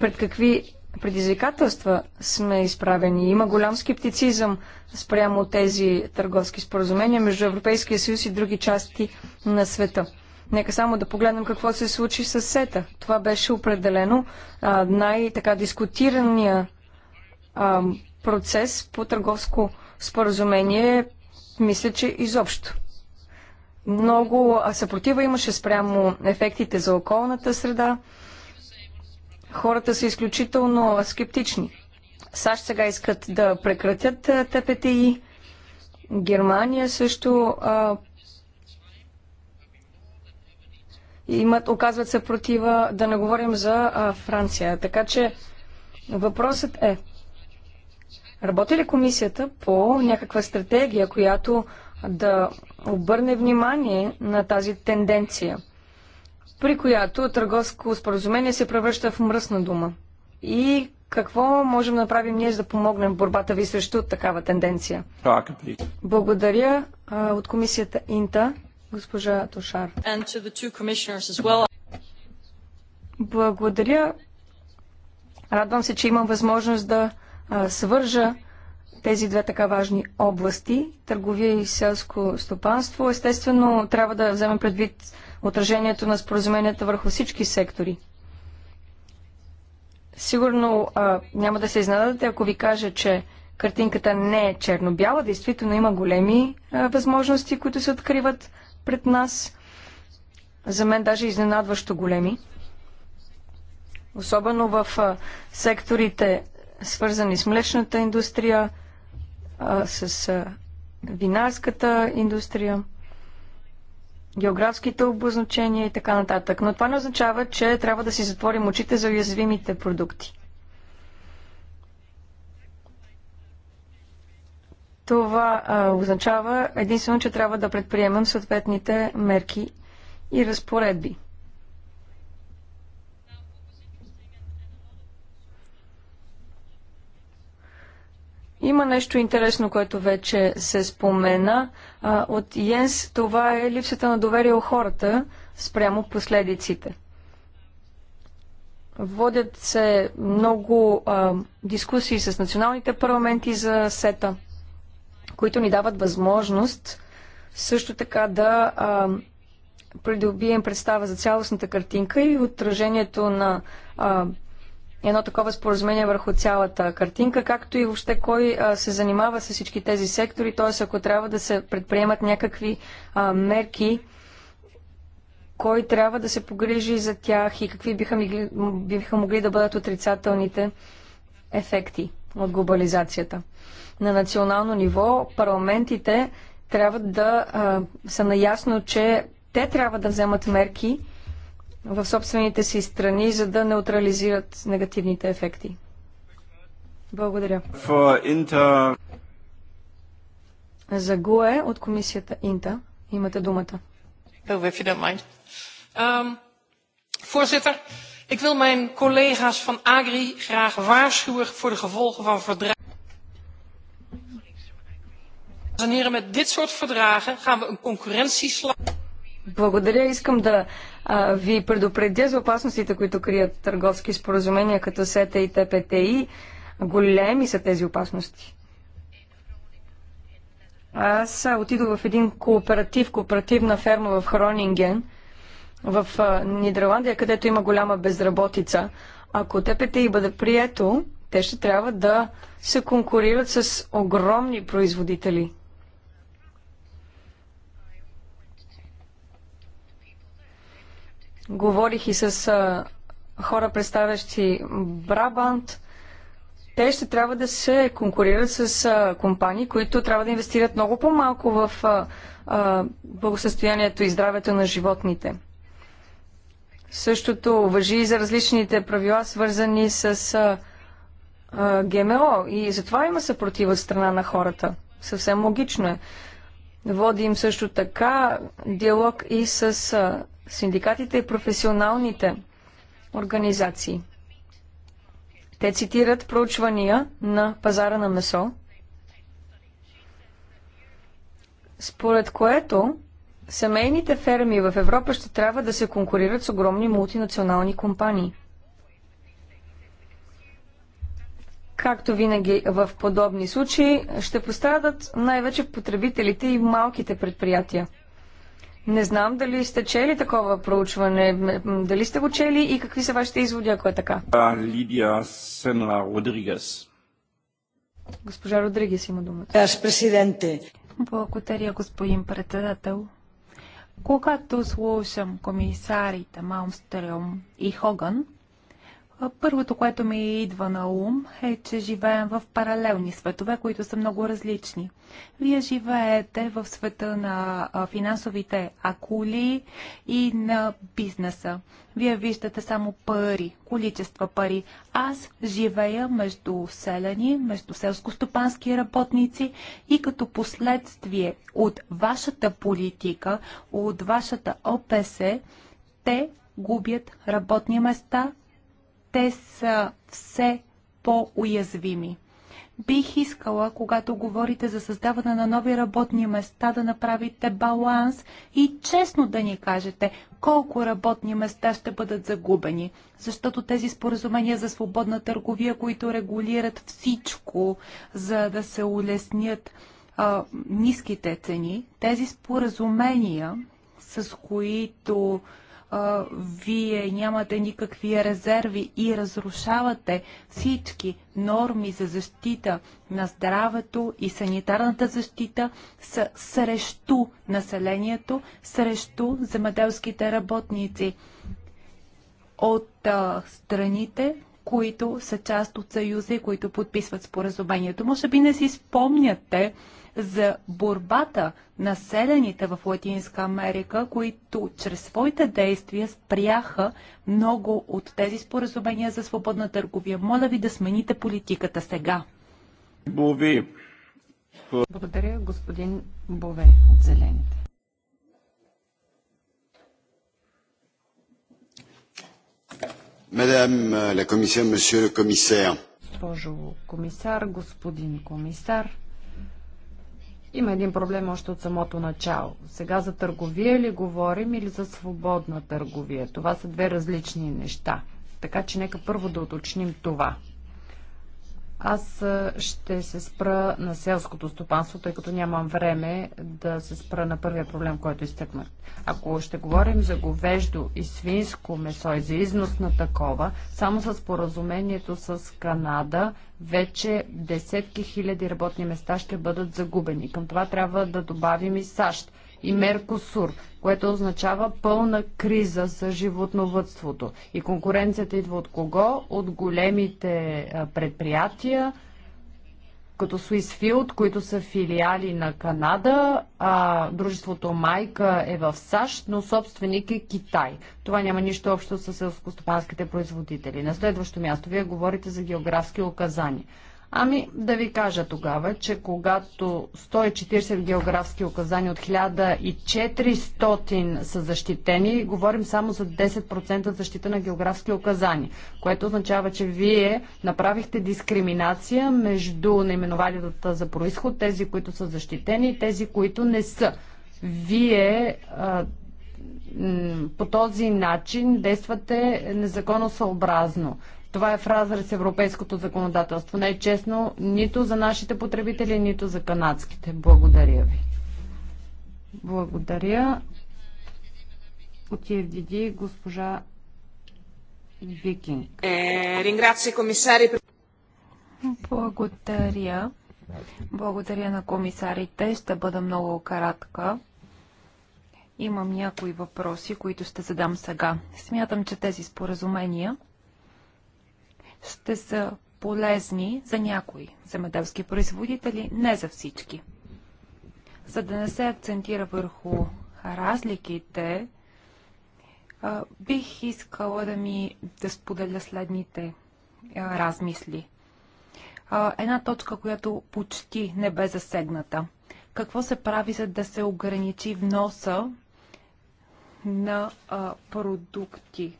пред какви предизвикателства сме изправени. Има голям скептицизъм спрямо тези търговски споразумения между Европейския съюз и други части на света. Нека само да погледнем какво се случи с СЕТА. Това беше определено най-така дискутирания а, процес по търговско споразумение, мисля, че изобщо. Много съпротива имаше спрямо ефектите за околната среда, хората са изключително скептични. САЩ сега искат да прекратят ТПТИ. Германия също а, имат, оказват се да не говорим за а, Франция. Така че въпросът е, работи ли комисията по някаква стратегия, която да обърне внимание на тази тенденция? при която търговско споразумение се превръща в мръсна дума. И какво можем да направим ние, за да помогнем в борбата ви срещу такава тенденция? Благодаря а, от комисията Инта, госпожа Тошар. Well. Благодаря. Радвам се, че имам възможност да а, свържа тези две така важни области търговия и селско стопанство. Естествено, трябва да вземем предвид отражението на споразуменията върху всички сектори. Сигурно а, няма да се изненадате, ако ви кажа, че картинката не е черно-бяла. Действително има големи а, възможности, които се откриват пред нас. За мен даже изненадващо големи. Особено в а, секторите, свързани с млечната индустрия, а, с а, винарската индустрия географските обозначения и така нататък. Но това не означава, че трябва да си затворим очите за уязвимите продукти. Това а, означава единствено, че трябва да предприемем съответните мерки и разпоредби. Има нещо интересно, което вече се спомена от Йенс. Това е липсата на доверие у хората спрямо последиците. Водят се много а, дискусии с националните парламенти за сета, които ни дават възможност също така да а, придобием представа за цялостната картинка и отражението на а, едно такова споразумение върху цялата картинка, както и въобще кой а, се занимава с всички тези сектори, т.е. ако трябва да се предприемат някакви а, мерки, кой трябва да се погрижи за тях и какви биха, мигли, биха могли да бъдат отрицателните ефекти от глобализацията. На национално ниво парламентите трябва да а, са наясно, че те трябва да вземат мерки в собствените си страни, за да неутрализират негативните ефекти. Благодаря. Inter... За ГУЕ от комисията Инта имате думата. Voorzitter, ik wil mijn collega's van Agri graag waarschuwen voor de gevolgen van verdragen. Dames en heren, met dit soort verdragen gaan we een concurrentieslag. Благодаря. Искам да а, ви предупредя за опасностите, които крият търговски споразумения като СЕТА и ТПТИ. Големи са тези опасности. Аз отидох в един кооператив, кооперативна ферма в Хронинген, в Нидерландия, където има голяма безработица. Ако ТПТИ бъде прието, те ще трябва да се конкурират с огромни производители. Говорих и с хора, представящи Брабант. Те ще трябва да се конкурират с компании, които трябва да инвестират много по-малко в благосъстоянието и здравето на животните. Същото въжи и за различните правила, свързани с а, а, ГМО. И затова има съпротива от страна на хората. Съвсем логично е. Водим също така диалог и с а, синдикатите и професионалните организации. Те цитират проучвания на пазара на месо, според което семейните ферми в Европа ще трябва да се конкурират с огромни мултинационални компании. Както винаги в подобни случаи, ще пострадат най-вече потребителите и малките предприятия – не знам дали сте чели такова проучване, дали сте го чели и какви са вашите изводи, ако е така. Лидия Сенла Родригес. Госпожа Родригес има думата. Аз президенте. Благодаря, господин председател. Когато слушам комисарите Малмстрем и Хоган, Първото, което ми идва на ум е, че живеем в паралелни светове, които са много различни. Вие живеете в света на финансовите акули и на бизнеса. Вие виждате само пари, количества пари. Аз живея между селени, между селско-стопански работници и като последствие от вашата политика, от вашата ОПС, те губят работни места, те са все по-уязвими. Бих искала, когато говорите за създаване на нови работни места, да направите баланс и честно да ни кажете колко работни места ще бъдат загубени. Защото тези споразумения за свободна търговия, които регулират всичко, за да се улеснят а, ниските цени, тези споразумения, с които вие нямате никакви резерви и разрушавате всички норми за защита на здравето и санитарната защита са срещу населението, срещу земеделските работници от а, страните, които са част от съюза и които подписват споразумението. Може би не си спомняте, за борбата на селените в Латинска Америка, които чрез своите действия спряха много от тези споразумения за свободна търговия. Моля ви да смените политиката сега. Бове. Благодаря, господин Бове от Зелените. Мадам ле комисия, месье комисар. Госпожо комисар, господин комисар, има един проблем още от самото начало. Сега за търговия ли говорим или за свободна търговия? Това са две различни неща. Така че нека първо да уточним това. Аз ще се спра на селското стопанство, тъй като нямам време да се спра на първия проблем, който изтъкнах. Ако ще говорим за говеждо и свинско месо и за износ на такова, само с поразумението с Канада вече десетки хиляди работни места ще бъдат загубени. Към това трябва да добавим и САЩ и Меркосур, което означава пълна криза за животновътството. И конкуренцията идва от кого? От големите предприятия, като Swissfield, които са филиали на Канада, а дружеството Майка е в САЩ, но собственик е Китай. Това няма нищо общо с селскостопанските производители. На следващо място, вие говорите за географски указания. Ами да ви кажа тогава, че когато 140 географски указания от 1400 са защитени, говорим само за 10% защита на географски указания, което означава, че вие направихте дискриминация между наименованията за происход, тези, които са защитени и тези, които не са. Вие а, по този начин действате незаконосъобразно. Това е в разрез с европейското законодателство. Не е честно нито за нашите потребители, нито за канадските. Благодаря ви. Благодаря. От EFDD госпожа Викинг. Е, Благодаря. Благодаря на комисарите. Ще бъда много кратка. Имам някои въпроси, които ще задам сега. Смятам, че тези споразумения ще са полезни за някои земеделски производители, не за всички. За да не се акцентира върху разликите, бих искала да ми да споделя следните размисли. Една точка, която почти не бе засегната. Какво се прави, за да се ограничи вноса на продукти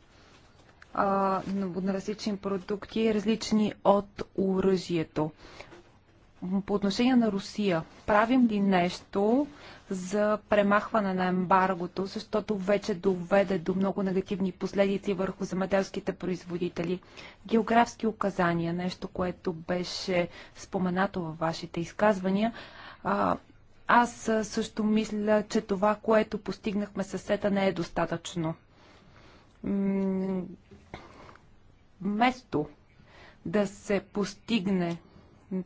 на различни продукти, различни от оръжието. По отношение на Русия, правим ли нещо за премахване на ембаргото, защото вече доведе до много негативни последици върху земеделските производители? Географски указания, нещо, което беше споменато във вашите изказвания. Аз също мисля, че това, което постигнахме със сета не е достатъчно вместо да се постигне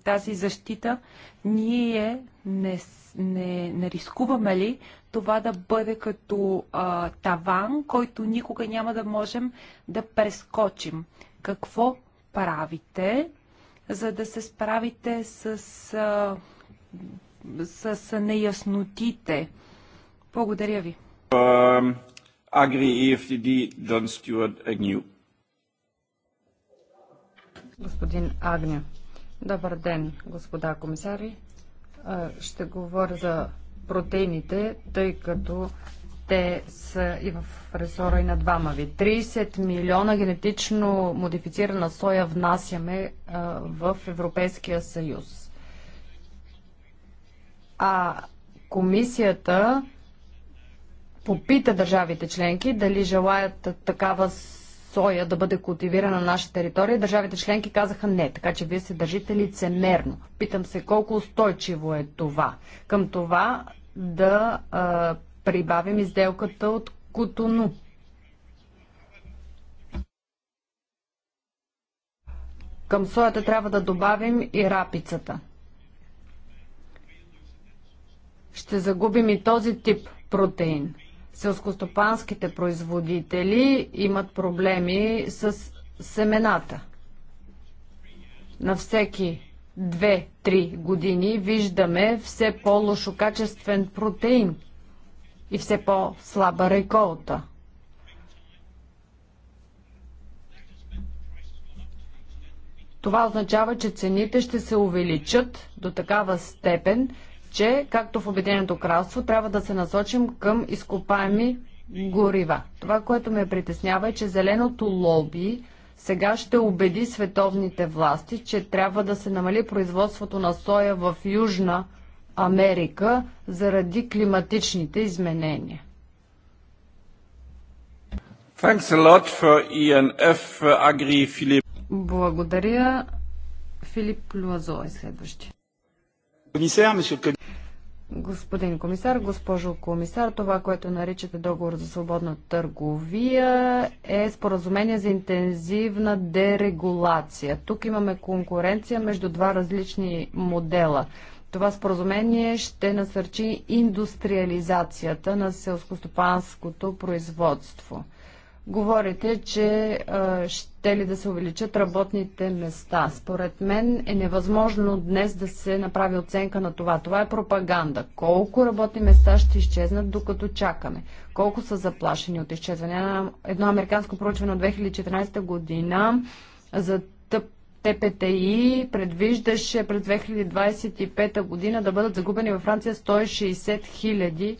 тази защита, ние не, не, не рискуваме ли това да бъде като а, таван, който никога няма да можем да прескочим? Какво правите, за да се справите с, а, с неяснотите? Благодаря ви. Um, Agri EFTD, John Stewart Agnew. Господин Агня. Добър ден, господа комисари. Ще говоря за протеините, тъй като те са и в ресора и на двама ви. 30 милиона генетично модифицирана соя внасяме в Европейския съюз. А комисията попита държавите членки дали желаят такава соя да бъде култивирана на наша територия, държавите членки казаха не, така че вие се държите лицемерно. Питам се колко устойчиво е това. Към това да а, прибавим изделката от Котону. Към соята трябва да добавим и рапицата. Ще загубим и този тип протеин селскостопанските производители имат проблеми с семената. На всеки 2-3 години виждаме все по-лошокачествен протеин и все по-слаба реколта. Това означава, че цените ще се увеличат до такава степен, че, както в Обединеното кралство, трябва да се насочим към изкопаеми горива. Това, което ме притеснява е, че зеленото лоби сега ще убеди световните власти, че трябва да се намали производството на соя в Южна Америка заради климатичните изменения. E uh, Благодаря. Филип Луазо е следващия. Господин комисар, госпожо комисар, това, което наричате договор за свободна търговия е споразумение за интензивна дерегулация. Тук имаме конкуренция между два различни модела. Това споразумение ще насърчи индустриализацията на селскостопанското производство. Говорите, че а, ще ли да се увеличат работните места. Според мен е невъзможно днес да се направи оценка на това. Това е пропаганда. Колко работни места ще изчезнат, докато чакаме? Колко са заплашени от изчезване? Едно американско проучване от 2014 година за ТПТИ предвиждаше през 2025 година да бъдат загубени във Франция 160 хиляди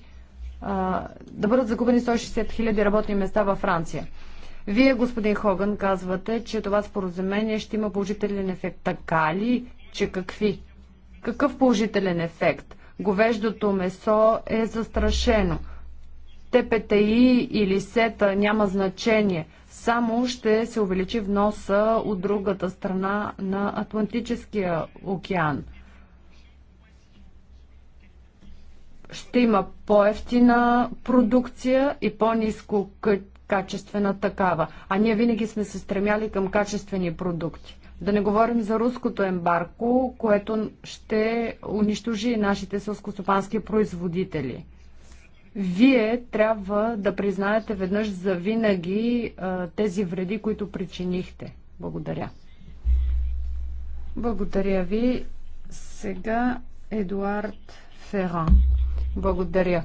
да бъдат загубени 160 хиляди работни места във Франция. Вие, господин Хоган, казвате, че това споразумение ще има положителен ефект. Така ли, че какви? Какъв положителен ефект? Говеждото месо е застрашено. ТПТИ или сета няма значение. Само ще се увеличи вноса от другата страна на Атлантическия океан – ще има по-ефтина продукция и по-низко качествена такава. А ние винаги сме се стремяли към качествени продукти. Да не говорим за руското ембарко, което ще унищожи нашите сълскостопански производители. Вие трябва да признаете веднъж за винаги тези вреди, които причинихте. Благодаря. Благодаря ви. Сега Едуард Ферран. Благодаря.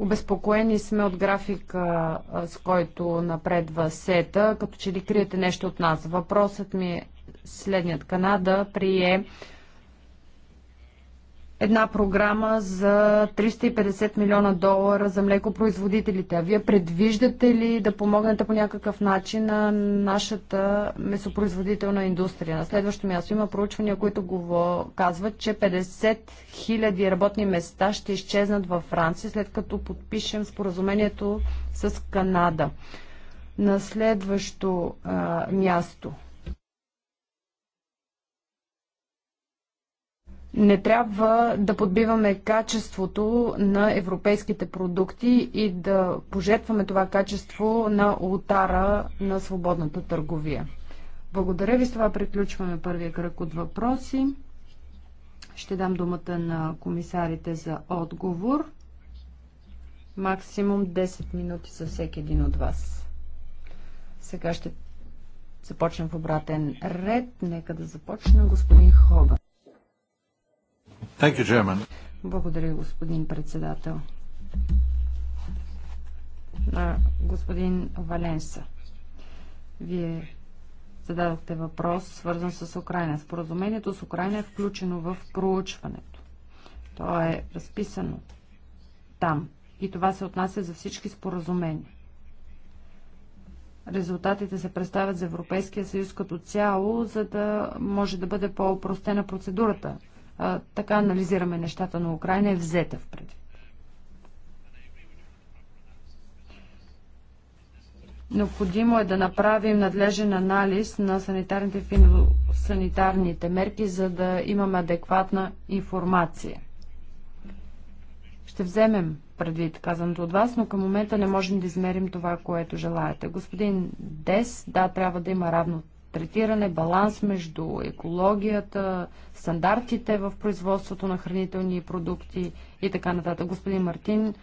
Обезпокоени сме от графика, с който напредва сета, като че ли криете нещо от нас. Въпросът ми е следният. Канада прие една програма за 350 милиона долара за млекопроизводителите. А вие предвиждате ли да помогнете по някакъв начин на нашата месопроизводителна индустрия? На следващо място има проучвания, които го казват, че 50 хиляди работни места ще изчезнат във Франция, след като подпишем споразумението с Канада. На следващо а, място – Не трябва да подбиваме качеството на европейските продукти и да пожертваме това качество на ултара на свободната търговия. Благодаря ви. С това приключваме първия кръг от въпроси. Ще дам думата на комисарите за отговор. Максимум 10 минути за всеки един от вас. Сега ще започнем в обратен ред. Нека да започне господин Хоган. You, Благодаря, господин председател. На господин Валенса. Вие зададохте въпрос, свързан с Украина. Споразумението с Украина е включено в проучването. То е разписано там. И това се отнася за всички споразумения. Резултатите се представят за Европейския съюз като цяло, за да може да бъде по-опростена процедурата а, така анализираме нещата на Украина е взета в предвид. Необходимо е да направим надлежен анализ на санитарните санитарните мерки, за да имаме адекватна информация. Ще вземем предвид казаното от вас, но към момента не можем да измерим това, което желаете. Господин Дес, да, трябва да има равно третиране, баланс между екологията, стандартите в производството на хранителни продукти и така нататък. Господин Мартин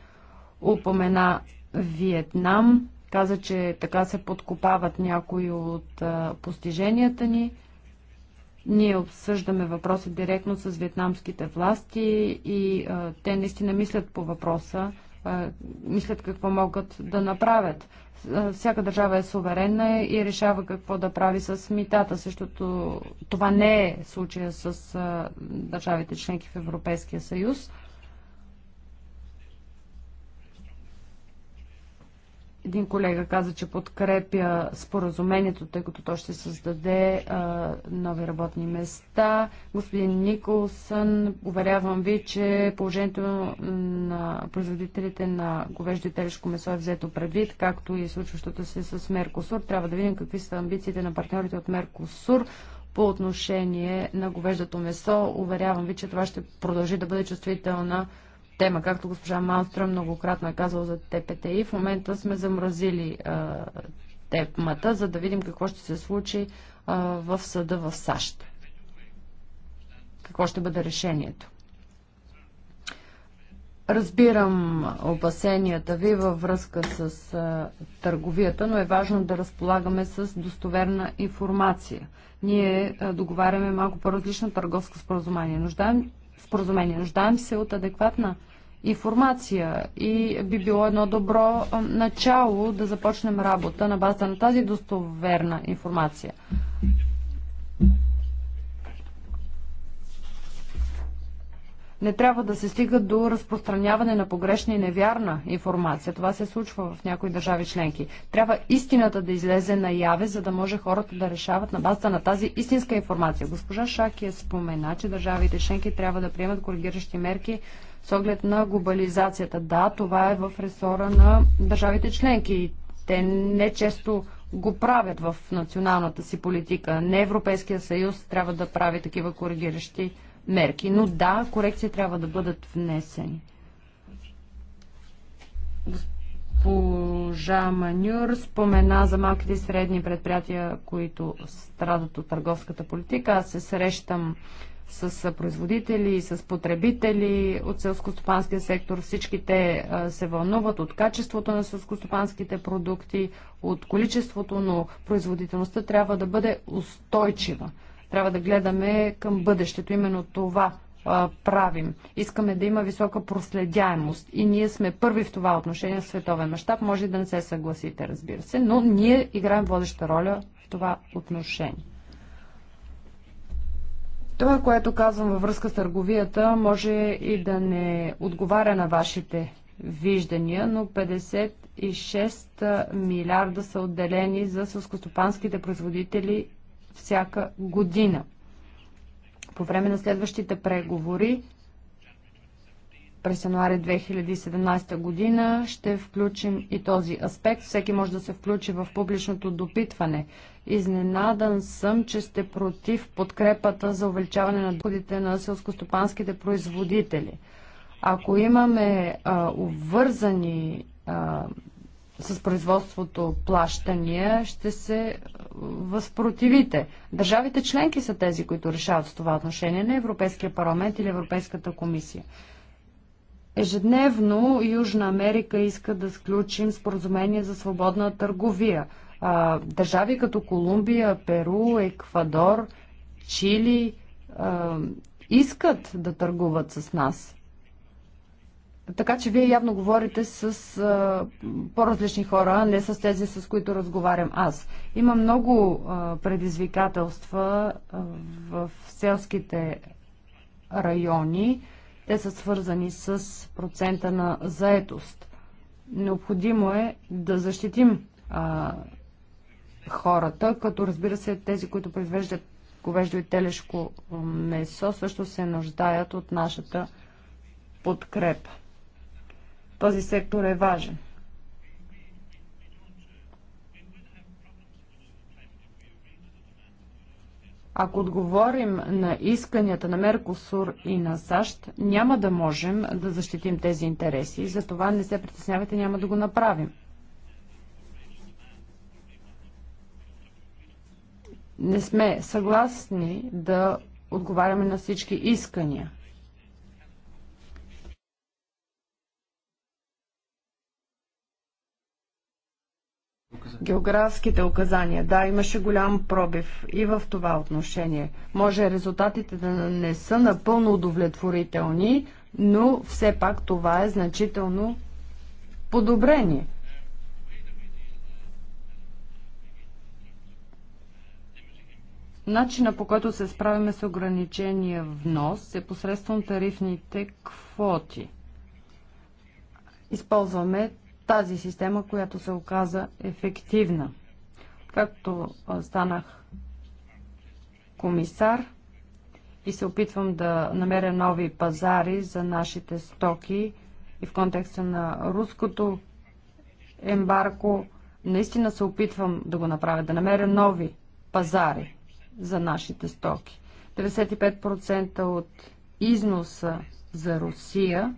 упомена Виетнам, каза, че така се подкопават някои от постиженията ни. Ние обсъждаме въпроса директно с вьетнамските власти и а, те наистина мислят по въпроса мислят какво могат да направят. Всяка държава е суверенна и решава какво да прави с митата. Същото това не е случая с държавите членки в Европейския съюз. Един колега каза, че подкрепя споразумението, тъй като то ще създаде а, нови работни места. Господин Николсън, уверявам ви, че положението на производителите на говеждо и телешко месо е взето предвид, както и случващото се с Меркосур. Трябва да видим какви са амбициите на партньорите от Меркосур по отношение на говеждато месо. Уверявам ви, че това ще продължи да бъде чувствителна тема. Както госпожа Малстръм многократно е казала за ТПТ и в момента сме замразили а, темата, за да видим какво ще се случи а, в съда в САЩ. Какво ще бъде решението? Разбирам опасенията ви във връзка с а, търговията, но е важно да разполагаме с достоверна информация. Ние а, договаряме малко по-различно търговско споразумение. Нуждаем споразумение. Нуждаем се от адекватна информация и би било едно добро начало да започнем работа на база на тази достоверна информация. Не трябва да се стига до разпространяване на погрешна и невярна информация. Това се случва в някои държави членки. Трябва истината да излезе наяве, за да може хората да решават на базата на тази истинска информация. Госпожа е спомена, че държавите членки трябва да приемат коригиращи мерки с оглед на глобализацията. Да, това е в ресора на държавите членки. Те не често го правят в националната си политика. Не Европейския съюз трябва да прави такива коригиращи мерки мерки. Но да, корекции трябва да бъдат внесени. Госпожа Манюр спомена за малките и средни предприятия, които страдат от търговската политика. Аз се срещам с производители, с потребители от селскостопанския сектор. Всички те се вълнуват от качеството на селскостопанските продукти, от количеството, но производителността трябва да бъде устойчива. Трябва да гледаме към бъдещето. Именно това а, правим. Искаме да има висока проследяемост. И ние сме първи в това отношение в световен мащаб. Може да не се съгласите, разбира се, но ние играем водеща роля в това отношение. Това, което казвам във връзка с търговията, може и да не отговаря на вашите виждания, но 56 милиарда са отделени за сълскостопанските производители всяка година. По време на следващите преговори през януари 2017 година ще включим и този аспект. Всеки може да се включи в публичното допитване. Изненадан съм, че сте против подкрепата за увеличаване на доходите на селскостопанските производители. Ако имаме а, обвързани а, с производството плащания, ще се възпротивите. Държавите членки са тези, които решават с това отношение, не Европейския парламент или Европейската комисия. Ежедневно Южна Америка иска да сключим споразумение за свободна търговия. Държави като Колумбия, Перу, Еквадор, Чили искат да търгуват с нас. Така че вие явно говорите с а, по-различни хора, а не с тези, с които разговарям аз. Има много а, предизвикателства а, в селските райони. Те са свързани с процента на заетост. Необходимо е да защитим а, хората, като разбира се тези, които произвеждат говеждо и телешко месо, също се нуждаят от нашата подкрепа. Този сектор е важен. Ако отговорим на исканията на Меркосур и на САЩ, няма да можем да защитим тези интереси. Затова не се притеснявайте, няма да го направим. Не сме съгласни да отговаряме на всички искания. Географските указания. Да, имаше голям пробив и в това отношение. Може резултатите да не са напълно удовлетворителни, но все пак това е значително подобрение. Начина по който се справяме с ограничения внос е посредством тарифните квоти. Използваме тази система, която се оказа ефективна. Както станах комисар и се опитвам да намеря нови пазари за нашите стоки и в контекста на руското ембарко, наистина се опитвам да го направя, да намеря нови пазари за нашите стоки. 95% от износа за Русия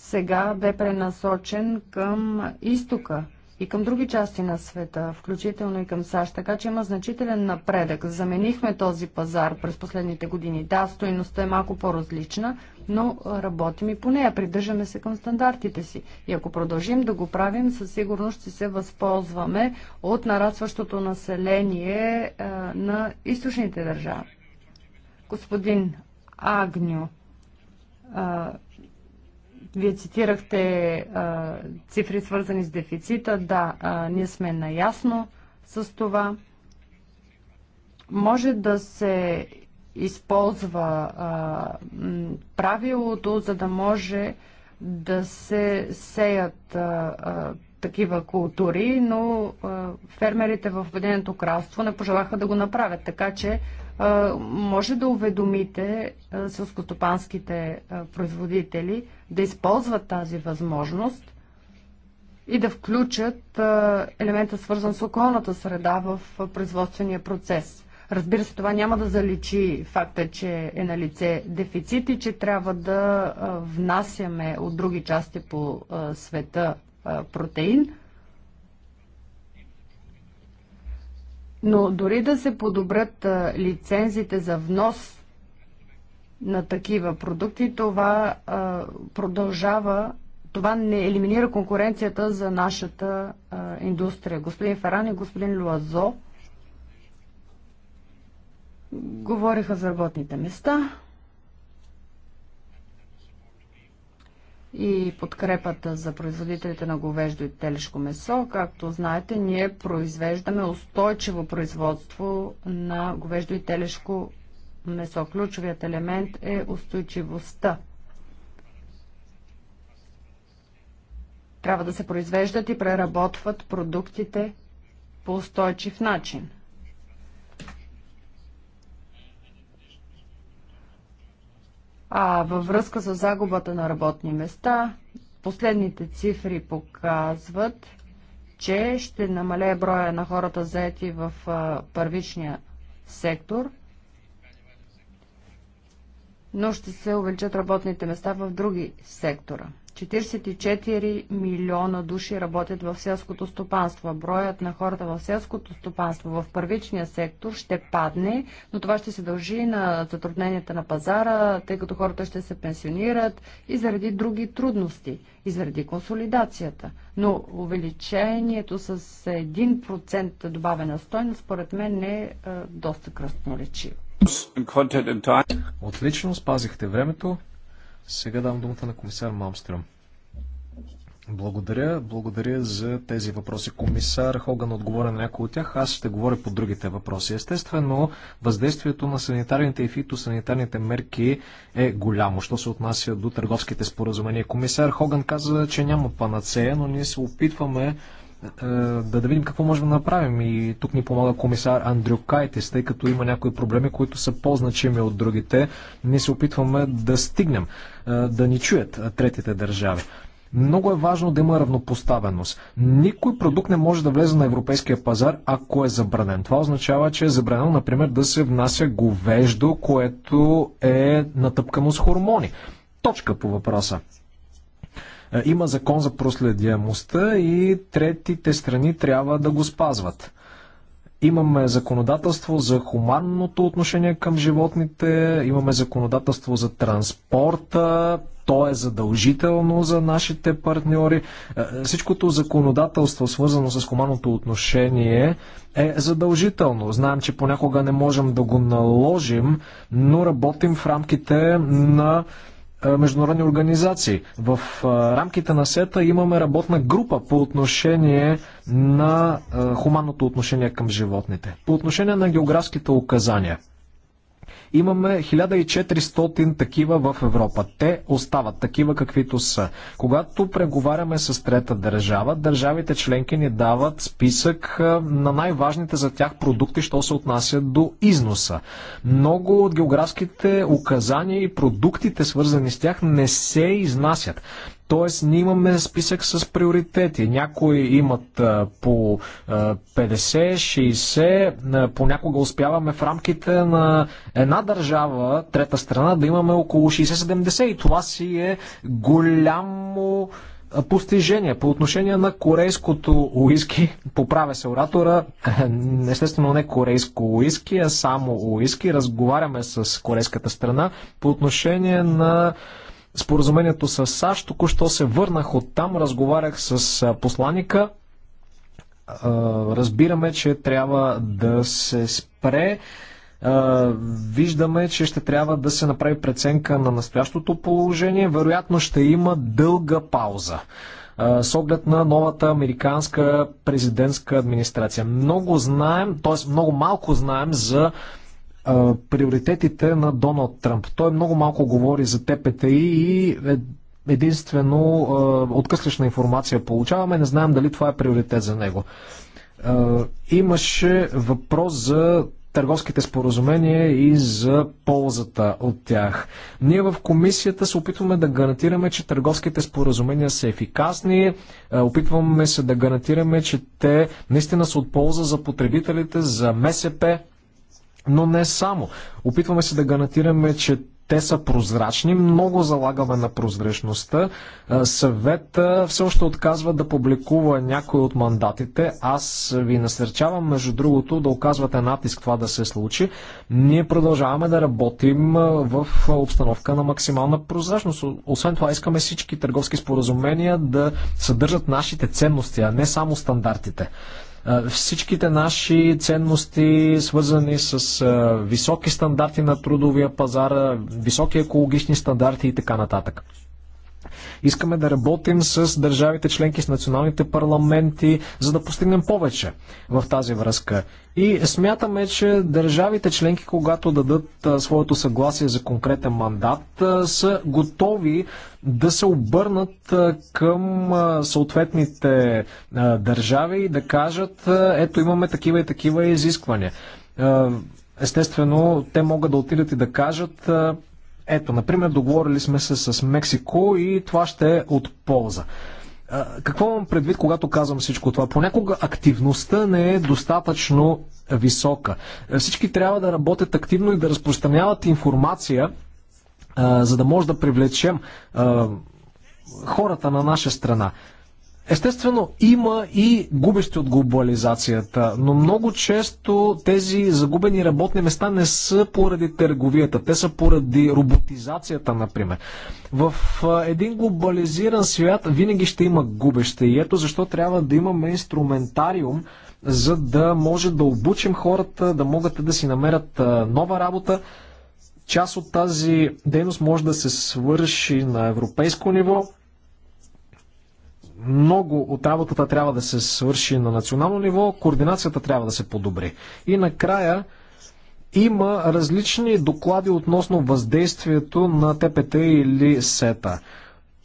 сега бе пренасочен към изтока и към други части на света, включително и към САЩ, така че има значителен напредък. Заменихме този пазар през последните години. Да, стоеността е малко по-различна, но работим и по нея, придържаме се към стандартите си. И ако продължим да го правим, със сигурност ще се възползваме от нарастващото население е, на източните държави. Господин Агню, е, вие цитирахте а, цифри свързани с дефицита. Да, а, ние сме наясно с това. Може да се използва а, правилото, за да може да се сеят а, а, такива култури, но а, фермерите в Обединеното кралство не пожелаха да го направят. Така че може да уведомите сълскотопанските производители да използват тази възможност и да включат елемента свързан с околната среда в производствения процес. Разбира се, това няма да заличи факта, че е на лице дефицит и че трябва да внасяме от други части по света протеин – Но дори да се подобрят лицензите за внос на такива продукти, това а, продължава, това не елиминира конкуренцията за нашата а, индустрия. Господин Феран и господин Луазо говориха за работните места. и подкрепата за производителите на говеждо и телешко месо. Както знаете, ние произвеждаме устойчиво производство на говеждо и телешко месо. Ключовият елемент е устойчивостта. Трябва да се произвеждат и преработват продуктите по устойчив начин. А във връзка с загубата на работни места, последните цифри показват, че ще намалее броя на хората заети в първичния сектор, но ще се увеличат работните места в други сектора. 44 милиона души работят в селското стопанство. Броят на хората в селското стопанство в първичния сектор ще падне, но това ще се дължи на затрудненията на пазара, тъй като хората ще се пенсионират и заради други трудности, и заради консолидацията. Но увеличението с 1% добавена стойност, според мен, е, е доста кръстно кръстноречиво. Отлично спазихте времето. Сега дам думата на комисар Малмстръм. Благодаря. Благодаря за тези въпроси. Комисар Хоган отговоря на някои от тях. Аз ще говоря по другите въпроси. Естествено, въздействието на санитарните и фитосанитарните мерки е голямо, що се отнася до търговските споразумения. Комисар Хоган каза, че няма панацея, но ние се опитваме е, да, да видим какво можем да направим. И тук ни помага комисар Андрю Кайтис, тъй като има някои проблеми, които са по-значими от другите. Ние се опитваме да стигнем, е, да ни чуят е, третите държави. Много е важно да има равнопоставеност. Никой продукт не може да влезе на европейския пазар, ако е забранен. Това означава, че е забранено, например, да се внася говеждо, което е натъпкано с хормони. Точка по въпроса. Е, има закон за проследяемостта и третите страни трябва да го спазват. Имаме законодателство за хуманното отношение към животните, имаме законодателство за транспорта, то е задължително за нашите партньори. Е, всичкото законодателство, свързано с хуманното отношение, е задължително. Знаем, че понякога не можем да го наложим, но работим в рамките на международни организации. В рамките на СЕТА имаме работна група по отношение на хуманното отношение към животните. По отношение на географските указания – Имаме 1400 такива в Европа. Те остават такива каквито са. Когато преговаряме с трета държава, държавите членки ни дават списък на най-важните за тях продукти, що се отнасят до износа. Много от географските указания и продуктите, свързани с тях, не се изнасят. Тоест, ние имаме списък с приоритети. Някои имат по 50-60, понякога успяваме в рамките на една държава, трета страна, да имаме около 60-70 и това си е голямо постижение. По отношение на корейското уиски, поправя се оратора, естествено не корейско уиски, а само уиски. Разговаряме с корейската страна. По отношение на споразумението с САЩ. Току-що се върнах от там, разговарях с посланика. Разбираме, че трябва да се спре. Виждаме, че ще трябва да се направи преценка на настоящото положение. Вероятно ще има дълга пауза с оглед на новата американска президентска администрация. Много знаем, т.е. много малко знаем за приоритетите на Доналд Тръмп. Той много малко говори за ТПТИ и е единствено откъслична информация получаваме. Не знаем дали това е приоритет за него. Имаше въпрос за търговските споразумения и за ползата от тях. Ние в комисията се опитваме да гарантираме, че търговските споразумения са ефикасни, опитваме се да гарантираме, че те наистина са от полза за потребителите, за МСП, но не само. Опитваме се да гарантираме, че те са прозрачни, много залагаме на прозрачността. Съвета все още отказва да публикува някой от мандатите. Аз ви насърчавам, между другото, да оказвате натиск това да се случи. Ние продължаваме да работим в обстановка на максимална прозрачност. Освен това, искаме всички търговски споразумения да съдържат нашите ценности, а не само стандартите. Всичките наши ценности, свързани с високи стандарти на трудовия пазар, високи екологични стандарти и така нататък. Искаме да работим с държавите членки, с националните парламенти, за да постигнем повече в тази връзка. И смятаме, че държавите членки, когато дадат своето съгласие за конкретен мандат, са готови да се обърнат към съответните държави и да кажат, ето имаме такива и такива изисквания. Естествено, те могат да отидат и да кажат, ето, например, договорили сме се с Мексико и това ще е от полза. Какво имам предвид, когато казвам всичко това? Понякога активността не е достатъчно висока. Всички трябва да работят активно и да разпространяват информация, за да може да привлечем хората на наша страна. Естествено, има и губещи от глобализацията, но много често тези загубени работни места не са поради търговията, те са поради роботизацията, например. В един глобализиран свят винаги ще има губещи и ето защо трябва да имаме инструментариум, за да може да обучим хората, да могат да си намерят нова работа. Част от тази дейност може да се свърши на европейско ниво, много от работата трябва да се свърши на национално ниво, координацията трябва да се подобри. И накрая има различни доклади относно въздействието на ТПТ или СЕТА.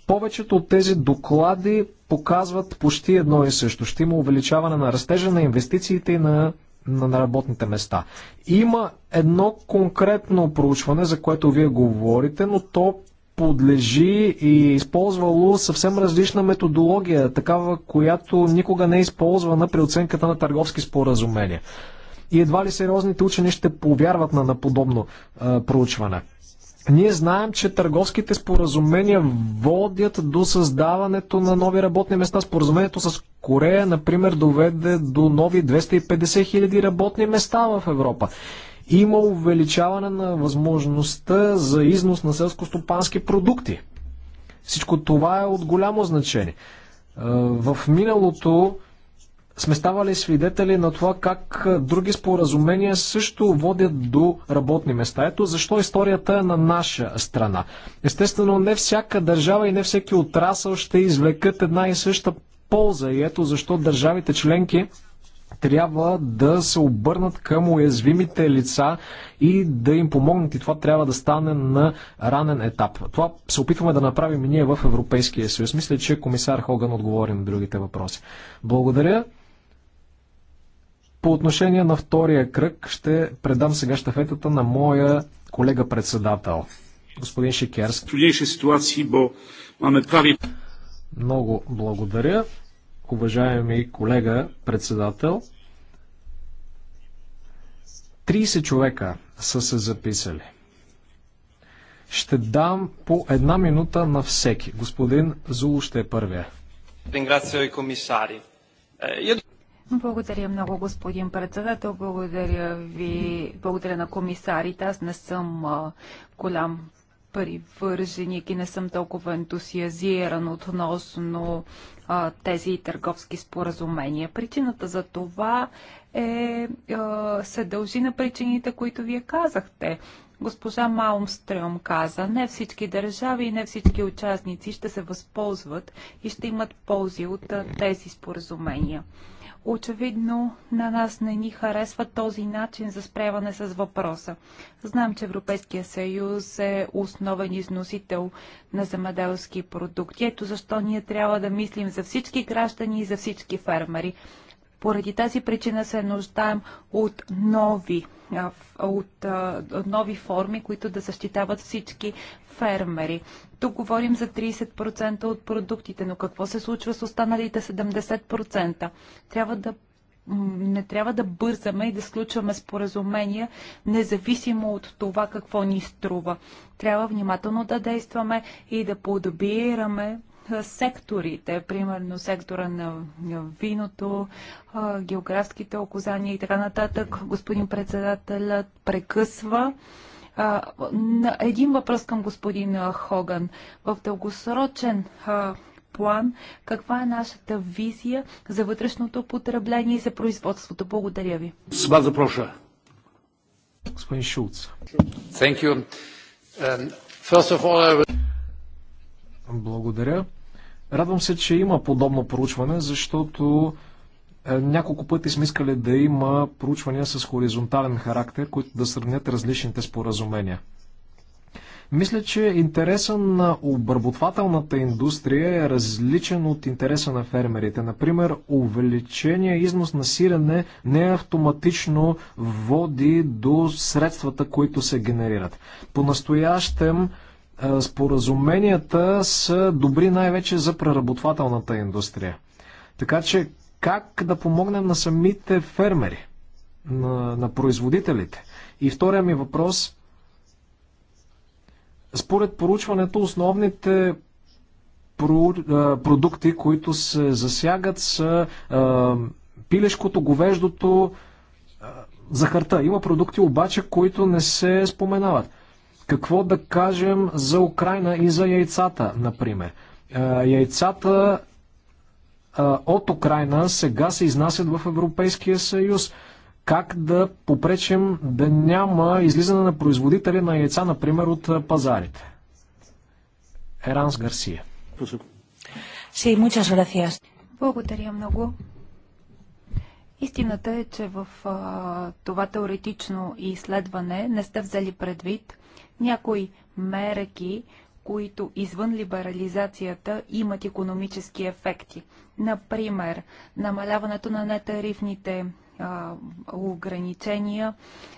Повечето от тези доклади показват почти едно и също. Ще има увеличаване на растежа на инвестициите и на на работните места. Има едно конкретно проучване, за което вие говорите, но то подлежи и е използвало съвсем различна методология, такава, която никога не е използвана при оценката на търговски споразумения. И едва ли сериозните учени ще повярват на, на подобно а, проучване. Ние знаем, че търговските споразумения водят до създаването на нови работни места. Споразумението с Корея, например, доведе до нови 250 хиляди работни места в Европа. Има увеличаване на възможността за износ на селско-стопански продукти. Всичко това е от голямо значение. Е, в миналото сме ставали свидетели на това как е, други споразумения също водят до работни места. Ето защо историята е на наша страна. Естествено, не всяка държава и не всеки отрасъл ще извлекат една и съща полза. И ето защо държавите членки трябва да се обърнат към уязвимите лица и да им помогнат. И това трябва да стане на ранен етап. Това се опитваме да направим и ние в Европейския съюз. Мисля, че комисар Хоган отговори на другите въпроси. Благодаря. По отношение на втория кръг ще предам сега щафетата на моя колега-председател, господин Шикерски. Много благодаря уважаеми колега, председател. 30 човека са се записали. Ще дам по една минута на всеки. Господин Зулу ще е първия. Е, благодаря много, господин председател. Благодаря ви. Благодаря на комисарите. Аз не съм голям привърженик и не съм толкова ентусиазиран относно а, тези търговски споразумения. Причината за това е, а, се дължи на причините, които вие казахте. Госпожа Маумстрем каза, не всички държави и не всички участници ще се възползват и ще имат ползи от а, тези споразумения. Очевидно на нас не ни харесва този начин за справяне с въпроса. Знам, че Европейския съюз е основен износител на земеделски продукти. Ето защо ние трябва да мислим за всички граждани и за всички фермери. Поради тази причина се нуждаем от нови, от нови форми, които да защитават всички фермери. Тук говорим за 30% от продуктите, но какво се случва с останалите 70%? Трябва да не трябва да бързаме и да сключваме споразумения, независимо от това какво ни струва. Трябва внимателно да действаме и да подобираме секторите, примерно сектора на виното, географските оказания и така нататък. Господин председателят прекъсва един въпрос към господин Хоган. В дългосрочен план, каква е нашата визия за вътрешното потребление и за производството? Благодаря ви. С вас запроша. Господин Шулц. Thank you. Um, first of all, I... Благодаря. Радвам се, че има подобно проучване, защото е, няколко пъти сме искали да има проучвания с хоризонтален характер, които да сравнят различните споразумения. Мисля, че интереса на обработвателната индустрия е различен от интереса на фермерите. Например, увеличение износ на сирене не автоматично води до средствата, които се генерират. По-настоящем е, споразуменията са добри най-вече за преработвателната индустрия. Така че как да помогнем на самите фермери, на, на производителите. И втория ми въпрос. Според поручването, основните продукти, които се засягат са пилешкото, говеждото, захарта. Има продукти обаче, които не се споменават. Какво да кажем за Украина и за яйцата, например? Яйцата от Украина сега се изнасят в Европейския съюз. Как да попречим да няма излизане на производители на яйца, например, от пазарите? Еранс Гарсия. Sí, muchas gracias. Благодаря много. Истината е, че в а, това теоретично изследване не сте взели предвид някои мерки, които извън либерализацията имат економически ефекти. Например, намаляването на нетарифните ограничения,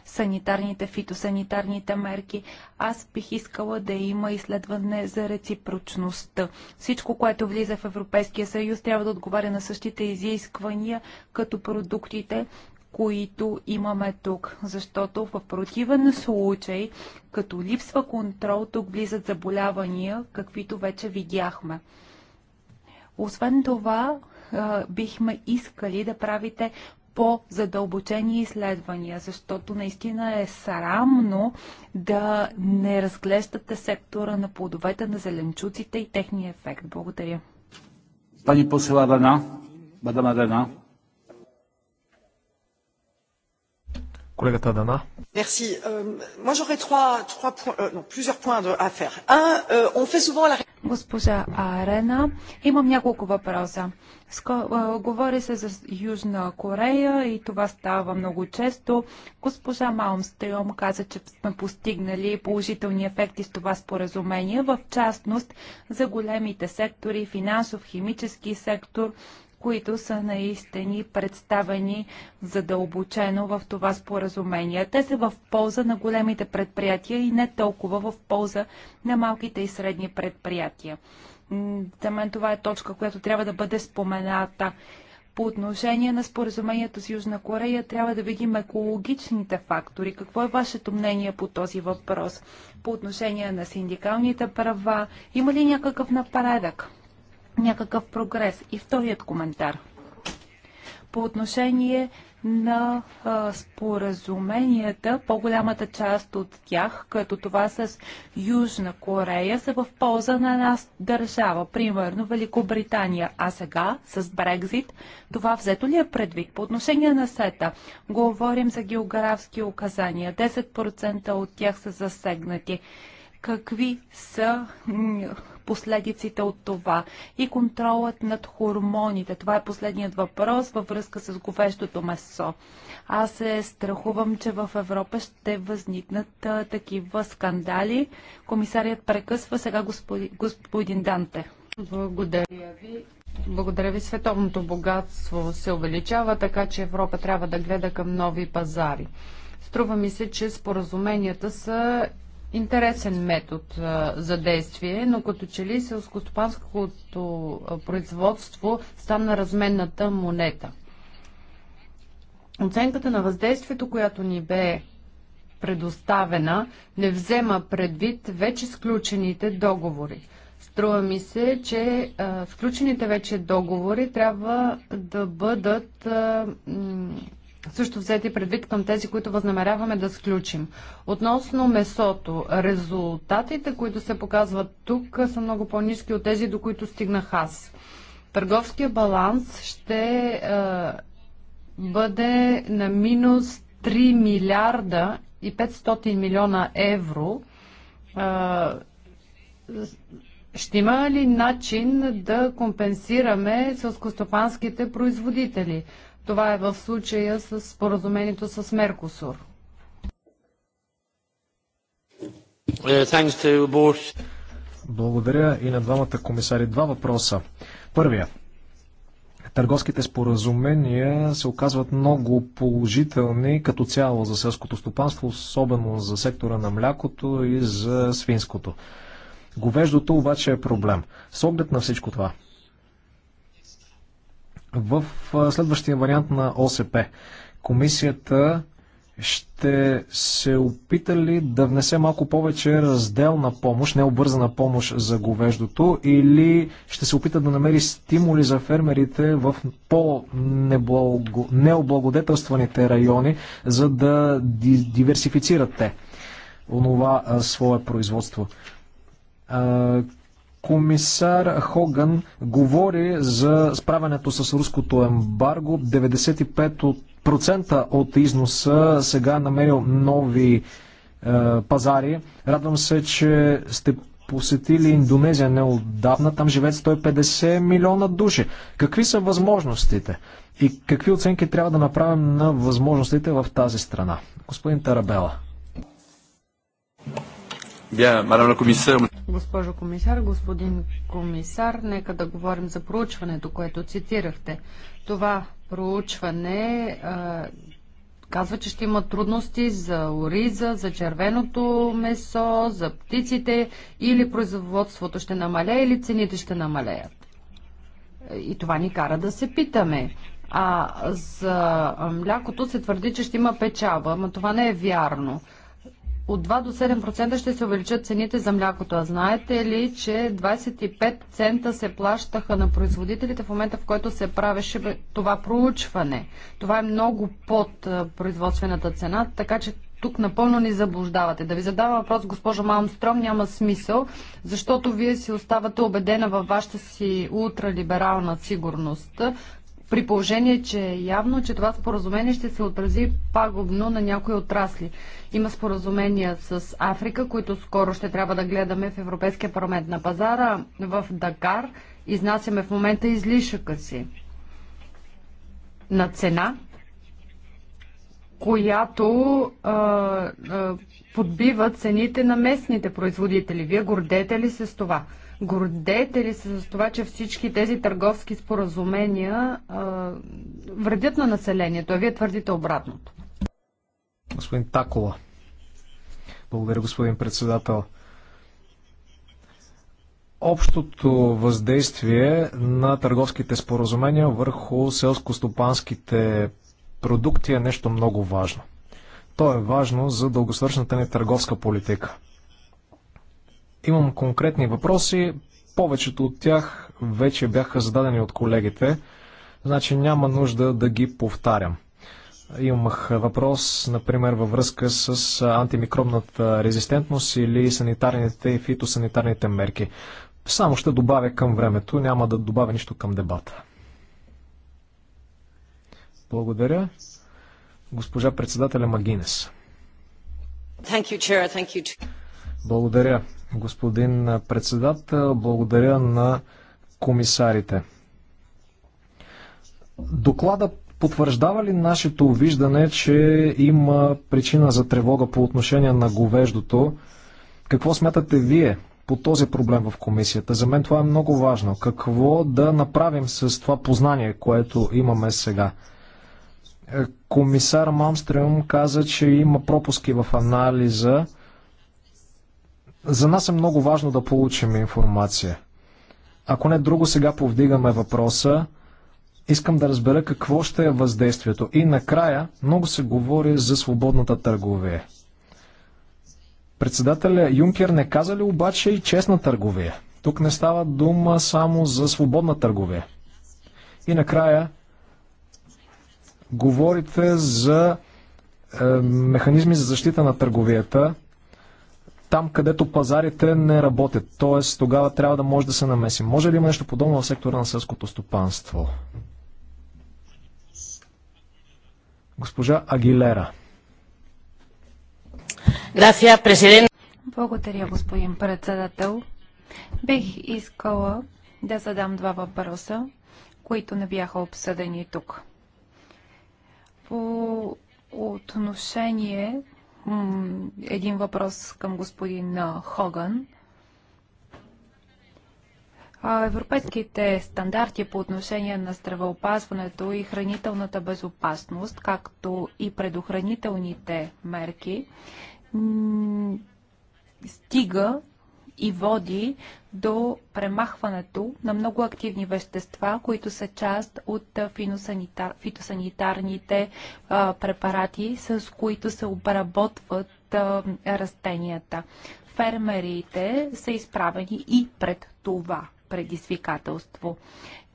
санитарните, фитосанитарните мерки. Аз бих искала да има изследване за реципрочността. Всичко, което влиза в Европейския съюз, трябва да отговаря на същите изисквания, като продуктите, които имаме тук, защото в противен случай, като липсва контрол, тук влизат заболявания, каквито вече видяхме. Освен това, бихме искали да правите по-задълбочени изследвания, защото наистина е срамно да не разглеждате сектора на плодовете, на зеленчуците и техния ефект. Благодаря. Пани посела Рена, мадам Рена. Колегата Дана. Merci. Euh, moi j'aurais trois, trois points, euh, non, plusieurs points à faire. Un, euh, on fait souvent la... Госпожа Арена, имам няколко въпроса. Говори се за Южна Корея и това става много често. Госпожа Малмстрём каза, че сме постигнали положителни ефекти с това споразумение, в частност за големите сектори, финансов, химически сектор, които са наистина представени задълбочено в това споразумение. Те са в полза на големите предприятия и не толкова в полза на малките и средни предприятия. За мен това е точка, която трябва да бъде спомената. По отношение на споразумението с Южна Корея трябва да видим екологичните фактори. Какво е вашето мнение по този въпрос? По отношение на синдикалните права, има ли някакъв напредък? някакъв прогрес. И вторият коментар. По отношение на а, споразуменията, по-голямата част от тях, като това с Южна Корея, са в полза на нас държава, примерно Великобритания. А сега с Брекзит, това взето ли е предвид? По отношение на сета, говорим за географски указания. 10% от тях са засегнати. Какви са последиците от това и контролът над хормоните. Това е последният въпрос във връзка с говещото месо. Аз се страхувам, че в Европа ще възникнат а, такива скандали. Комисарият прекъсва сега господи, господин Данте. Благодаря ви. Благодаря ви. Световното богатство се увеличава, така че Европа трябва да гледа към нови пазари. Струва ми се, че споразуменията са интересен метод а, за действие, но като че ли селскостопанското производство стана разменната монета. Оценката на въздействието, която ни бе предоставена, не взема предвид вече сключените договори. Струва ми се, че а, сключените вече договори трябва да бъдат а, също взети предвид към тези, които възнамеряваме да сключим. Относно месото, резултатите, които се показват тук, са много по-низки от тези, до които стигнах аз. Търговския баланс ще е, бъде на минус 3 милиарда и 500 милиона евро. Е, ще има ли начин да компенсираме селскостопанските производители? Това е в случая с споразумението с Меркосур. Е, Благодаря и на двамата комисари. Два въпроса. Първия. Търговските споразумения се оказват много положителни като цяло за селското стопанство, особено за сектора на млякото и за свинското. Говеждото обаче е проблем. С оглед на всичко това, в следващия вариант на ОСП. Комисията ще се опита ли да внесе малко повече разделна помощ, не помощ за говеждото, или ще се опита да намери стимули за фермерите в по-необлагодетелстваните райони, за да диверсифицират те онова свое производство? Комисар Хоган говори за справянето с руското ембарго. 95% от износа сега е намерил нови е, пазари. Радвам се, че сте посетили Индонезия неодавна. Там живеят 150 милиона души. Какви са възможностите? И какви оценки трябва да направим на възможностите в тази страна? Господин Тарабела. Госпожо комисар, господин комисар, нека да говорим за проучването, което цитирахте. Това проучване а, казва, че ще има трудности за ориза, за червеното месо, за птиците или производството ще намалее или цените ще намалеят. И това ни кара да се питаме. А за млякото се твърди, че ще има печалба, но това не е вярно от 2 до 7% ще се увеличат цените за млякото. А знаете ли, че 25 цента се плащаха на производителите в момента, в който се правеше това проучване? Това е много под производствената цена, така че тук напълно ни заблуждавате. Да ви задавам въпрос, госпожо Малмстром, няма смисъл, защото вие си оставате убедена във вашата си ултралиберална сигурност, при положение, че е явно, че това споразумение ще се отрази пагубно на някои отрасли. Има споразумения с Африка, които скоро ще трябва да гледаме в Европейския парламент на пазара. В Дакар изнасяме в момента излишъка си на цена, която а, а, подбива цените на местните производители. Вие гордете ли се с това? Гордеете ли се за това, че всички тези търговски споразумения а, вредят на населението, а вие твърдите обратното? Господин Такола. Благодаря, господин председател. Общото въздействие на търговските споразумения върху селско-стопанските продукти е нещо много важно. То е важно за дългосрочната ни търговска политика. Имам конкретни въпроси. Повечето от тях вече бяха зададени от колегите, значи няма нужда да ги повтарям. Имах въпрос, например, във връзка с антимикробната резистентност или санитарните и фитосанитарните мерки. Само ще добавя към времето, няма да добавя нищо към дебата. Благодаря. Госпожа председателя Магинес. Благодаря, господин председател. Благодаря на комисарите. Доклада потвърждава ли нашето виждане, че има причина за тревога по отношение на говеждото? Какво смятате вие по този проблем в комисията? За мен това е много важно. Какво да направим с това познание, което имаме сега? Е, комисар Мамстрем каза, че има пропуски в анализа за нас е много важно да получим информация. Ако не друго, сега повдигаме въпроса. Искам да разбера какво ще е въздействието. И накрая много се говори за свободната търговия. Председателя Юнкер не каза ли обаче и честна търговия? Тук не става дума само за свободна търговия. И накрая говорите за е, механизми за защита на търговията там, където пазарите не работят. Тоест, тогава трябва да може да се намесим. Може ли има нещо подобно в сектора на селското стопанство? Госпожа Агилера. Благодаря, господин председател. Бих искала да задам два въпроса, които не бяха обсъдени тук. По отношение един въпрос към господин Хоган. Европейските стандарти по отношение на здравеопазването и хранителната безопасност, както и предохранителните мерки, стига и води до премахването на много активни вещества, които са част от фитосанитарните а, препарати, с които се обработват а, растенията. Фермерите са изправени и пред това предизвикателство.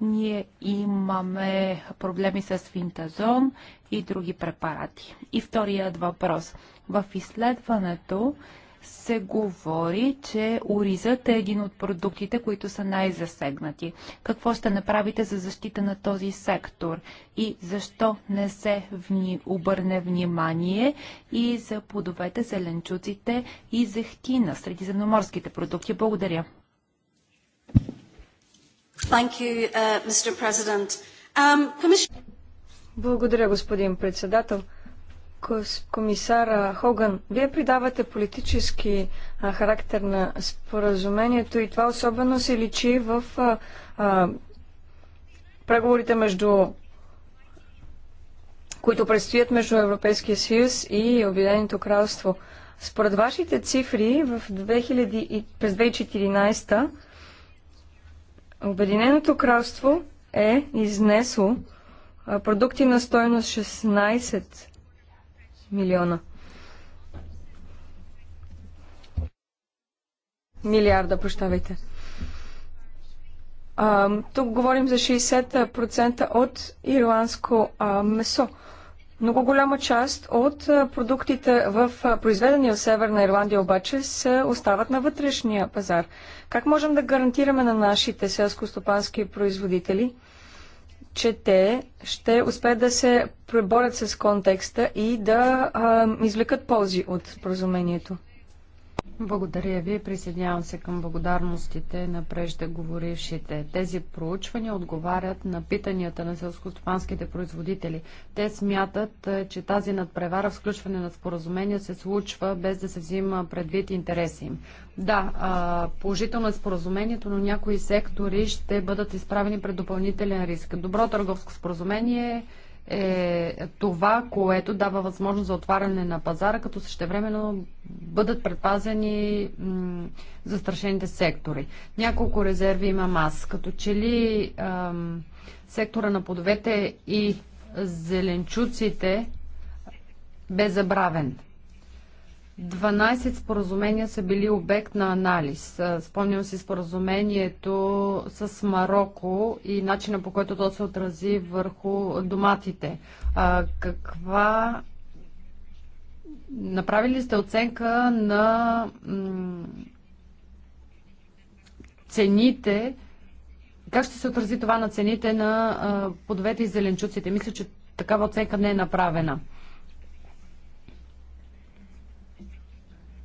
Ние имаме проблеми с финтазон и други препарати. И вторият въпрос. В изследването се говори, че оризът е един от продуктите, които са най-засегнати. Какво ще направите за защита на този сектор и защо не се вни... обърне внимание и за плодовете, зеленчуците и зехтина, земноморските продукти? Благодаря. Thank you, uh, Mr. Um, commission... Благодаря, господин председател комисар Хоган, вие придавате политически характер на споразумението и това особено се личи в а, а, преговорите между които предстоят между Европейския съюз и Обединеното кралство. Според вашите цифри в 2000, през 2014 Обединеното кралство е изнесло продукти на стойност 16 милиона. Милиарда, прощавайте. А, тук говорим за 60% от ирландско а, месо. Много голяма част от продуктите в произведени в Северна Ирландия обаче се остават на вътрешния пазар. Как можем да гарантираме на нашите селско-стопански производители – че те ще успеят да се преборят с контекста и да а, извлекат ползи от споразумението. Благодаря ви. Присъединявам се към благодарностите на преждеговорившите. Тези проучвания отговарят на питанията на селскостопанските производители. Те смятат, е, че тази надпревара в сключване на споразумения се случва без да се взима предвид интереси им. Да, положително е споразумението, но някои сектори ще бъдат изправени пред допълнителен риск. Добро търговско споразумение е е това, което дава възможност за отваряне на пазара, като същевременно бъдат предпазени застрашените сектори. Няколко резерви имам аз. Като че ли ам, сектора на плодовете и зеленчуците бе забравен. 12 споразумения са били обект на анализ. Спомням си споразумението с Марокко и начина по който то се отрази върху доматите. А, каква. Направили сте оценка на цените? Как ще се отрази това на цените на подвете и зеленчуците? Мисля, че такава оценка не е направена.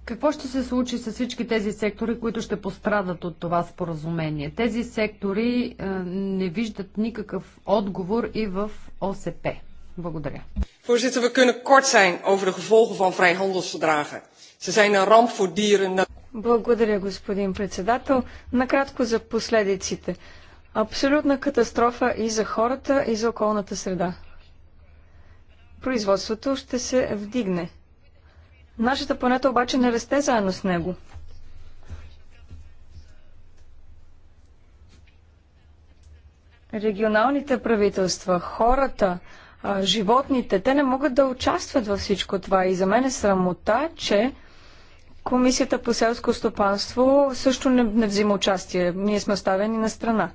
Какво ще се случи с всички тези сектори, които ще пострадат от това споразумение? Тези сектори е, не виждат никакъв отговор и в ОСП. Благодаря. Voorzitter, we kunnen kort zijn over de gevolgen van vrijhandelsverdragen. Ze zijn een ramp voor dieren. Благодаря, господин председател. Накратко за последиците. Абсолютна катастрофа и за хората, и за околната среда. Производството ще се вдигне – Нашата планета обаче не расте заедно с него. Регионалните правителства, хората, животните, те не могат да участват във всичко това. И за мен е срамота, че Комисията по селско стопанство също не, не взима участие. Ние сме оставени на страна.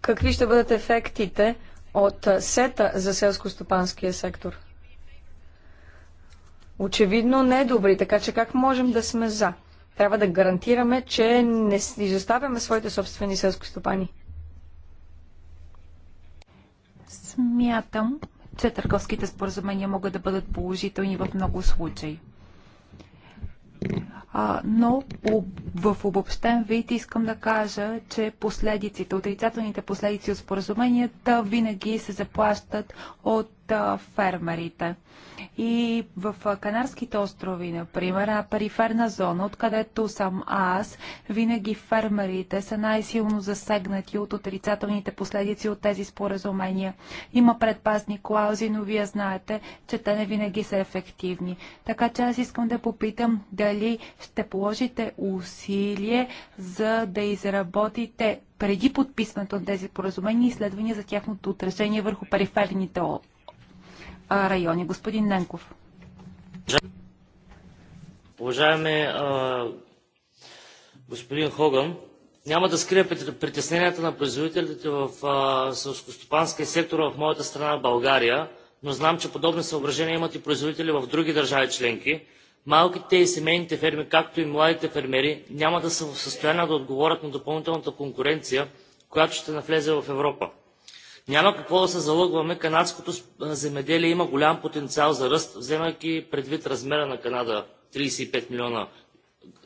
Какви ще бъдат ефектите от сета за селско-стопанския сектор? очевидно не е добри, така че как можем да сме за? Трябва да гарантираме, че не изоставяме своите собствени селски стопани. Смятам, че търговските споразумения могат да бъдат положителни в много случаи. А, но в обобщен вид искам да кажа, че последиците, отрицателните последици от споразуменията винаги се заплащат от фермерите. И в Канарските острови, например, на периферна зона, откъдето съм аз, винаги фермерите са най-силно засегнати от отрицателните последици от тези споразумения. Има предпазни клаузи, но вие знаете, че те не винаги са ефективни. Така че аз искам да попитам дали ще положите усилие за да изработите преди подписването на тези споразумения изследвания за тяхното отражение върху периферните райони. Господин Ненков. Уважаеме господин Хоган, няма да скрия притесненията на производителите в сълскостопанския сектор в моята страна България, но знам, че подобни съображения имат и производители в други държави членки. Малките и семейните ферми, както и младите фермери, няма да са в състояние да отговорят на допълнителната конкуренция, която ще навлезе в Европа. Няма какво да се залъгваме, канадското земеделие има голям потенциал за ръст, вземайки предвид размера на Канада 35 милиона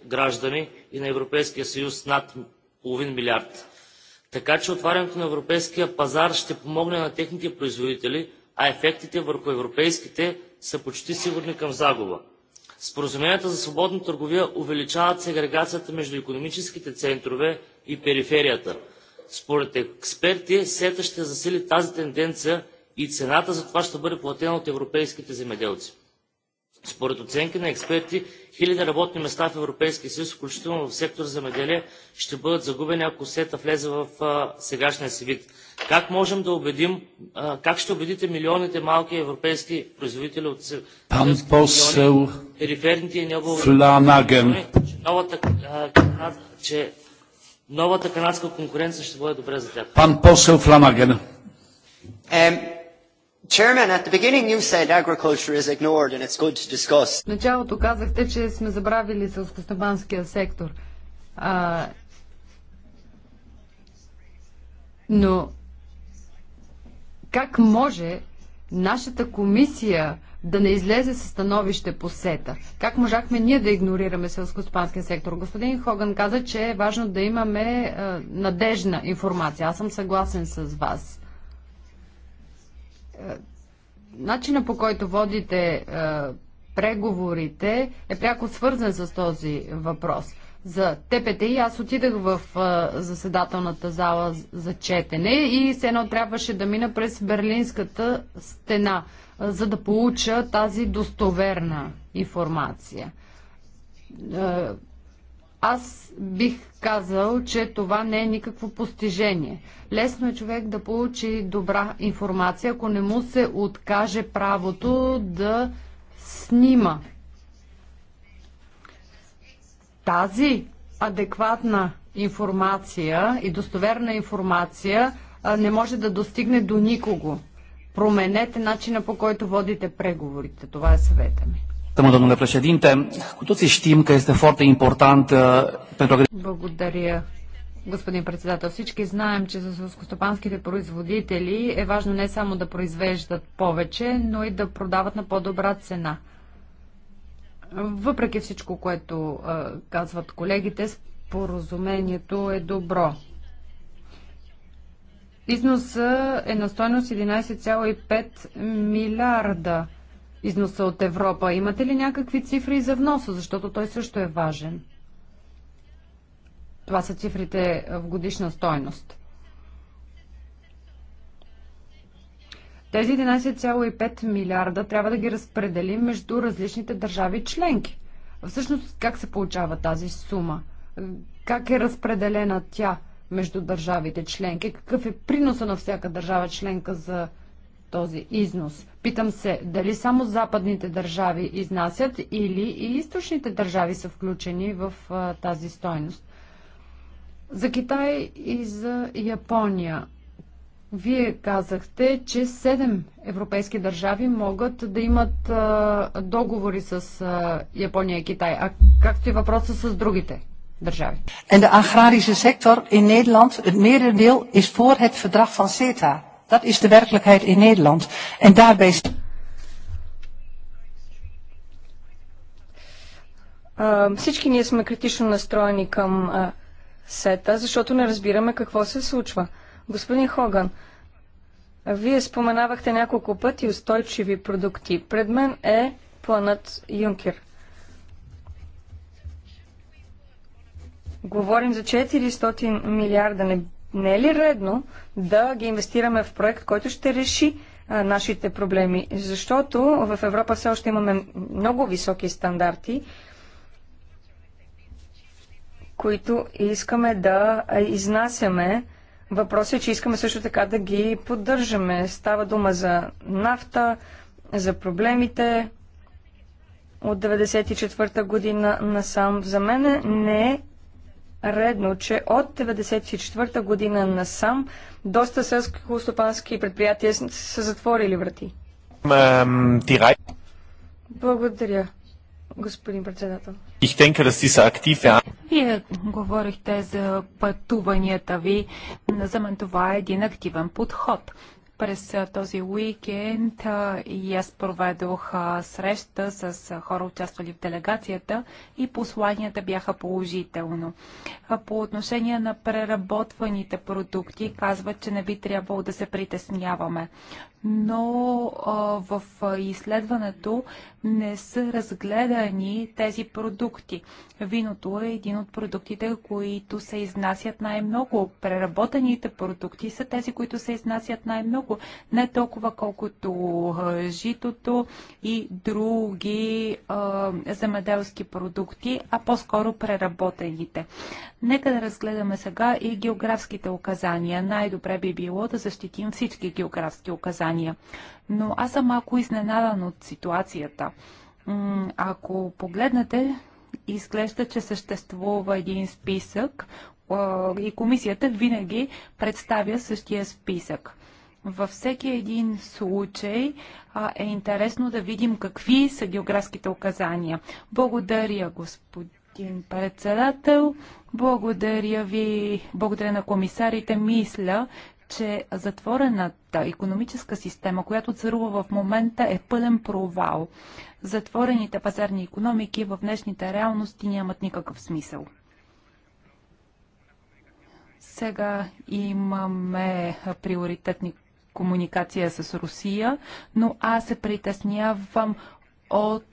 граждани и на Европейския съюз над половин милиард. Така че отварянето на европейския пазар ще помогне на техните производители, а ефектите върху европейските са почти сигурни към загуба. Споразуменията за свободна търговия увеличават сегрегацията между економическите центрове и периферията – според експерти, сета ще засили тази тенденция и цената за това ще бъде платена от европейските земеделци. Според оценки на експерти, хиляди работни места в Европейския съюз, включително в сектор земеделие, ще бъдат загубени, ако сета влезе в а, сегашния си вид. Как можем да убедим, а, как ще убедите милионите малки европейски производители от Пан посел периферните и неговите, Фланаген. Че, новата, а, че новата канадска конкуренция ще бъде добре за тях. Пан Посел Фламаген. В началото казахте, че сме забравили сълскостабанския сектор. А, но как може нашата комисия да не излезе със становище по сета. Как можахме ние да игнорираме селско-спанския сектор? Господин Хоган каза, че е важно да имаме е, надежна информация. Аз съм съгласен с вас. Е, начина по който водите е, преговорите е пряко свързан с този въпрос за ТПТИ. Аз отидах в е, заседателната зала за четене и се едно трябваше да мина през Берлинската стена за да получа тази достоверна информация. Аз бих казал, че това не е никакво постижение. Лесно е човек да получи добра информация, ако не му се откаже правото да снима. Тази адекватна информация и достоверна информация не може да достигне до никого променете начина по който водите преговорите. Това е съвета ми. cu toții știm că este foarte important uh, pentru... Благодаря, господин председател. Всички знаем, че за сълскостопанските производители е важно не само да произвеждат повече, но и да продават на по-добра цена. Въпреки всичко, което казват колегите, споразумението е добро. Износа е на стойност 11,5 милиарда износа от Европа. Имате ли някакви цифри за вноса, защото той също е важен? Това са цифрите в годишна стойност. Тези 11,5 милиарда трябва да ги разпределим между различните държави членки. Всъщност, как се получава тази сума? Как е разпределена тя? между държавите членки? Какъв е приноса на всяка държава членка за този износ? Питам се, дали само западните държави изнасят или и източните държави са включени в тази стойност? За Китай и за Япония. Вие казахте, че 7 европейски държави могат да имат а, договори с а, Япония и Китай. А както и въпроса с другите? Държави. En de agrarische sector in Nederland, het merendeel is voor het verdrag van CETA. Dat is de werkelijkheid in Nederland. En daarbij ehm, всички ние сме критично настроени към а, е, сета, защото не разбираме какво се случва. Господин Хоган, вие споменавахте няколко пъти устойчиви продукти. Пред мен е планът Юнкер. Говорим за 400 милиарда. Не, не е ли редно да ги инвестираме в проект, който ще реши а, нашите проблеми? Защото в Европа все още имаме много високи стандарти, които искаме да изнасяме. Въпросът е, че искаме също така да ги поддържаме. Става дума за нафта, за проблемите от 1994 година насам. За мен не е редно, че от 1994 година насам доста селско-стопански предприятия са затворили врати. Благодаря, господин председател. Вие говорихте за пътуванията ви. За мен това е един активен подход. През този уикенд и аз проведох среща с хора, участвали в делегацията и посланията бяха положително. По отношение на преработваните продукти, казват, че не би трябвало да се притесняваме но в изследването не са разгледани тези продукти. Виното е един от продуктите, които се изнасят най-много. Преработените продукти са тези, които се изнасят най-много. Не толкова колкото житото и други земеделски продукти, а по-скоро преработените. Нека да разгледаме сега и географските указания. Най-добре би било да защитим всички географски указания Германия. Но аз съм малко изненадан от ситуацията. Ако погледнете, изглежда, че съществува един списък и комисията винаги представя същия списък. Във всеки един случай е интересно да видим какви са географските указания. Благодаря, господин председател. Благодаря ви. Благодаря на комисарите. Мисля, че затворената економическа система, която царува в момента, е пълен провал. Затворените пазарни економики в днешните реалности нямат никакъв смисъл. Сега имаме приоритетни комуникация с Русия, но аз се притеснявам от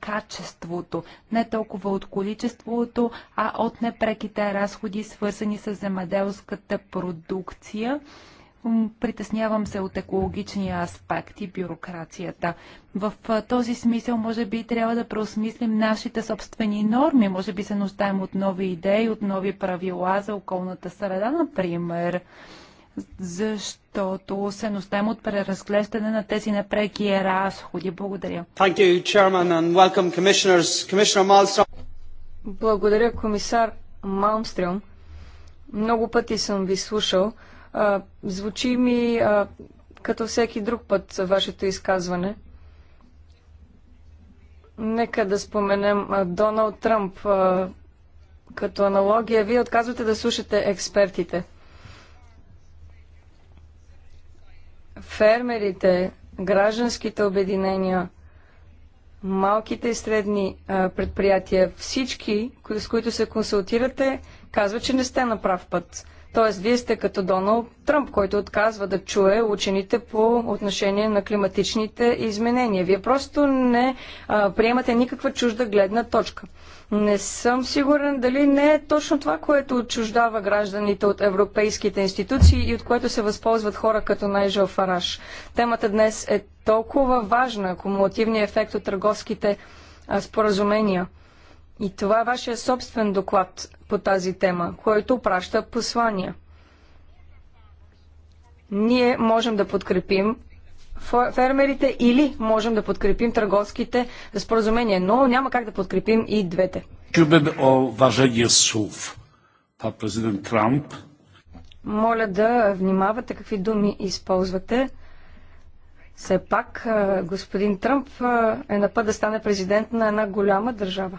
качеството, не толкова от количеството, а от непреките разходи, свързани с земеделската продукция. Притеснявам се от екологичния аспект и бюрокрацията. В този смисъл, може би, трябва да преосмислим нашите собствени норми. Може би се нуждаем от нови идеи, от нови правила за околната среда, например защото се нуждаем от преразглеждане на тези напреки разходи. Благодаря. Благодаря, комисар Малмстрюм. Много пъти съм ви слушал. А, звучи ми а, като всеки друг път вашето изказване. Нека да споменем Доналд Тръмп. А, като аналогия, вие отказвате да слушате експертите. фермерите, гражданските обединения, малките и средни а, предприятия, всички, с които се консултирате, казват, че не сте на прав път. Тоест, вие сте като Доналд Тръмп, който отказва да чуе учените по отношение на климатичните изменения. Вие просто не а, приемате никаква чужда гледна точка. Не съм сигурен дали не е точно това, което отчуждава гражданите от европейските институции и от което се възползват хора като Найжел Фараш. Темата днес е толкова важна, кумулативният ефект от търговските а, споразумения – и това е вашия собствен доклад по тази тема, който праща послания. Ние можем да подкрепим фермерите или можем да подкрепим търговските споразумения, но няма как да подкрепим и двете. Чубен о важение слов. президент Трамп. Моля да внимавате какви думи използвате. Все пак господин Тръмп е на път да стане президент на една голяма държава.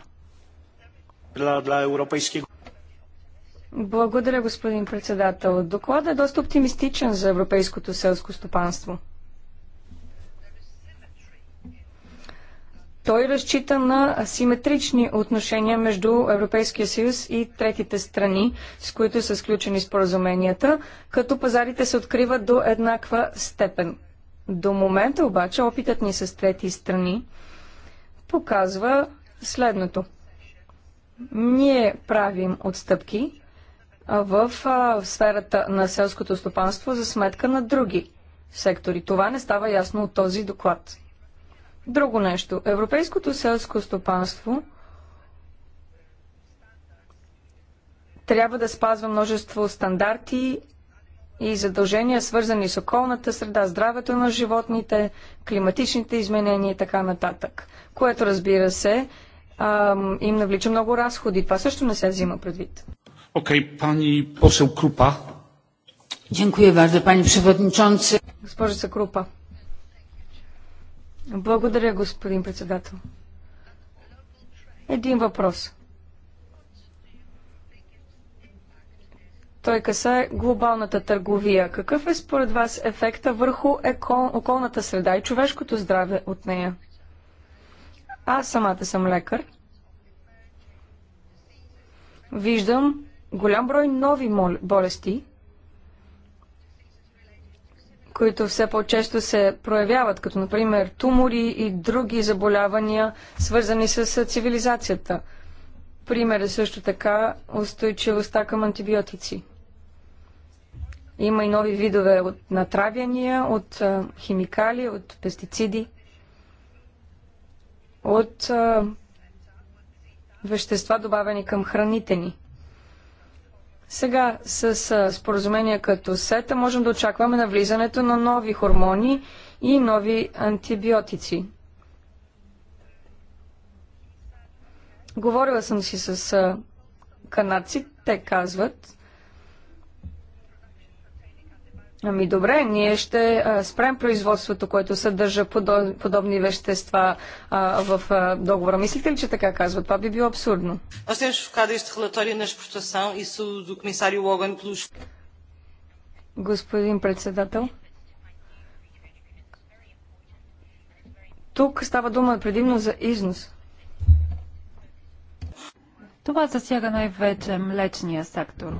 Благодаря, господин председател. Докладът е доста оптимистичен за европейското селско стопанство. Той разчита на асиметрични отношения между Европейския съюз и третите страни, с които са сключени споразуменията, като пазарите се откриват до еднаква степен. До момента обаче опитът ни с трети страни показва следното – ние правим отстъпки в сферата на селското стопанство за сметка на други сектори. Това не става ясно от този доклад. Друго нещо. Европейското селско стопанство трябва да спазва множество стандарти и задължения, свързани с околната среда, здравето на животните, климатичните изменения и така нататък. Което, разбира се, а, им навлича много разходи. Това също не се взима предвид. Окей, okay, пани посел Крупа. Дякую bardzo, пани przewodniczący. Госпожица Крупа. Благодаря, господин председател. Един въпрос. Той касае глобалната търговия. Какъв е според вас ефекта върху екол... околната среда и човешкото здраве от нея? Аз самата съм лекар. Виждам голям брой нови болести, които все по-често се проявяват, като например тумори и други заболявания, свързани с цивилизацията. Пример е също така устойчивостта към антибиотици. Има и нови видове от натравяния, от химикали, от пестициди от а, вещества, добавени към храните ни. Сега с а, споразумения като сета можем да очакваме навлизането на нови хормони и нови антибиотици. Говорила съм си с канадци, те казват, Ами добре, ние ще спрем производството, което съдържа подобни вещества в договора. Мислите ли, че така казва? Това би било абсурдно. Господин председател. Тук става дума предимно за износ. Това засяга най-вече млечния сектор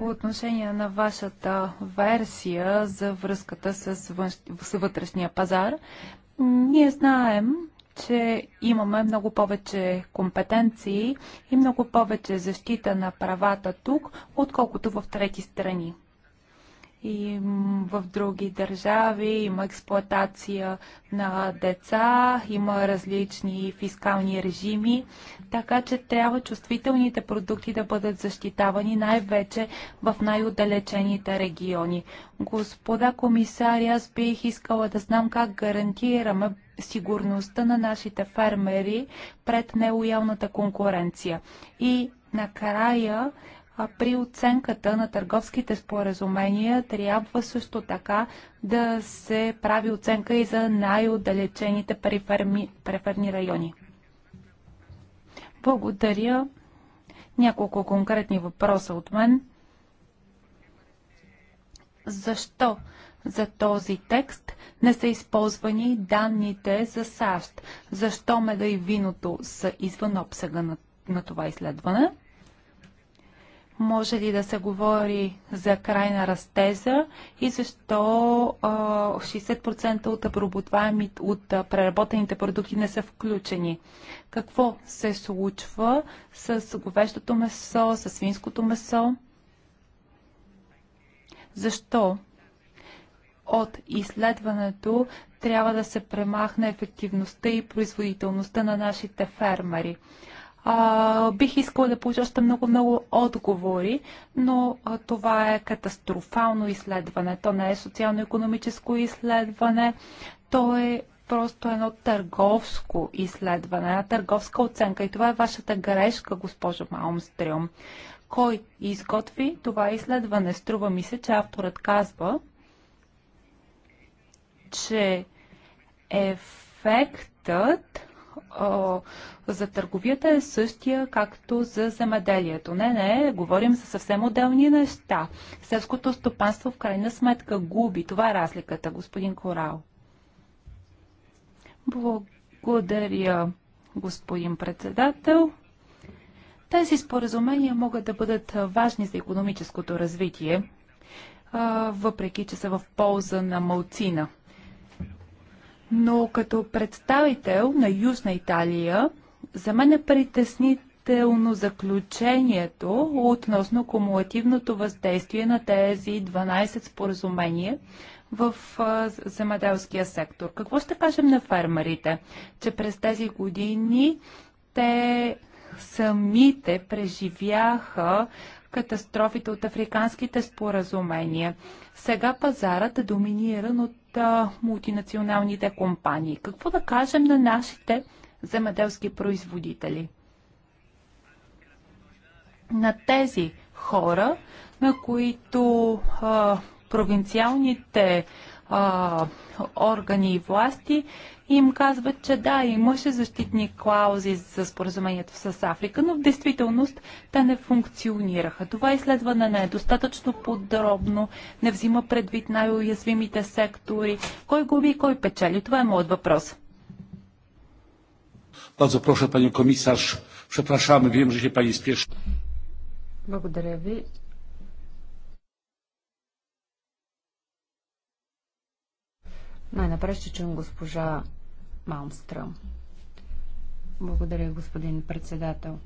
по отношение на вашата версия за връзката с, външ... с вътрешния пазар, ние знаем, че имаме много повече компетенции и много повече защита на правата тук, отколкото в трети страни. И в други държави има експлоатация на деца, има различни фискални режими, така че трябва чувствителните продукти да бъдат защитавани най-вече в най-отдалечените региони. Господа комисари, аз бих искала да знам как гарантираме сигурността на нашите фермери пред нелоялната конкуренция. И накрая а при оценката на търговските споразумения трябва също така да се прави оценка и за най-отдалечените периферни, периферни райони. Благодаря. Няколко конкретни въпроса от мен. Защо за този текст не са използвани данните за САЩ? Защо меда и виното са извън обсега на, на това изследване? може ли да се говори за край на растеза и защо 60% от обработваеми от преработените продукти не са включени? Какво се случва с говещото месо, с свинското месо? Защо от изследването трябва да се премахне ефективността и производителността на нашите фермери? А, бих искала да получа още много-много отговори, но а, това е катастрофално изследване. То не е социално-економическо изследване, то е просто едно търговско изследване, една търговска оценка. И това е вашата грешка, госпожо Маумстрюм. Кой изготви това изследване? Струва ми се, че авторът казва, че ефектът за търговията е същия, както за земеделието. Не, не, говорим за съвсем отделни неща. Селското стопанство в крайна сметка губи. Това е разликата, господин Корал. Благодаря, господин председател. Тези споразумения могат да бъдат важни за економическото развитие, въпреки че са в полза на малцина – но като представител на Южна Италия, за мен е притеснително заключението относно кумулативното въздействие на тези 12 споразумения в земеделския сектор. Какво ще кажем на фермерите? Че през тези години те самите преживяха катастрофите от африканските споразумения. Сега пазарът е доминиран от а, мултинационалните компании. Какво да кажем на нашите земеделски производители? На тези хора, на които а, провинциалните а, органи и власти и им казват, че да, имаше защитни клаузи за споразумението с Африка, но в действителност те не функционираха. Това изследване не е достатъчно подробно, не взима предвид най-уязвимите сектори. Кой губи, кой печели? Това е моят въпрос. Бързо прошу, пани комисар, przepraszamy, wiem, że się pani spieszy. Благодаря ви. Най-напред ще чуем госпожа Малмстръм. Благодаря, господин председател.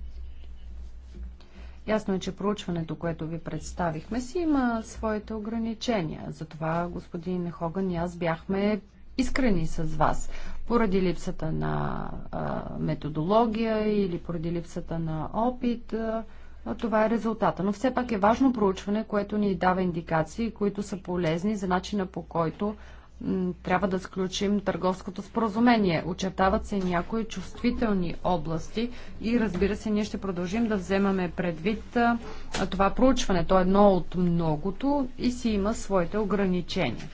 Ясно е, че проучването, което ви представихме, си има своите ограничения. Затова, господин Хоган и аз бяхме искрени с вас. Поради липсата на а, методология или поради липсата на опит, а, това е резултата. Но все пак е важно проучване, което ни дава индикации, които са полезни за начина по който трябва да сключим търговското споразумение. Очертават се някои чувствителни области и разбира се, ние ще продължим да вземаме предвид това проучване. То е едно от многото и си има своите ограничения.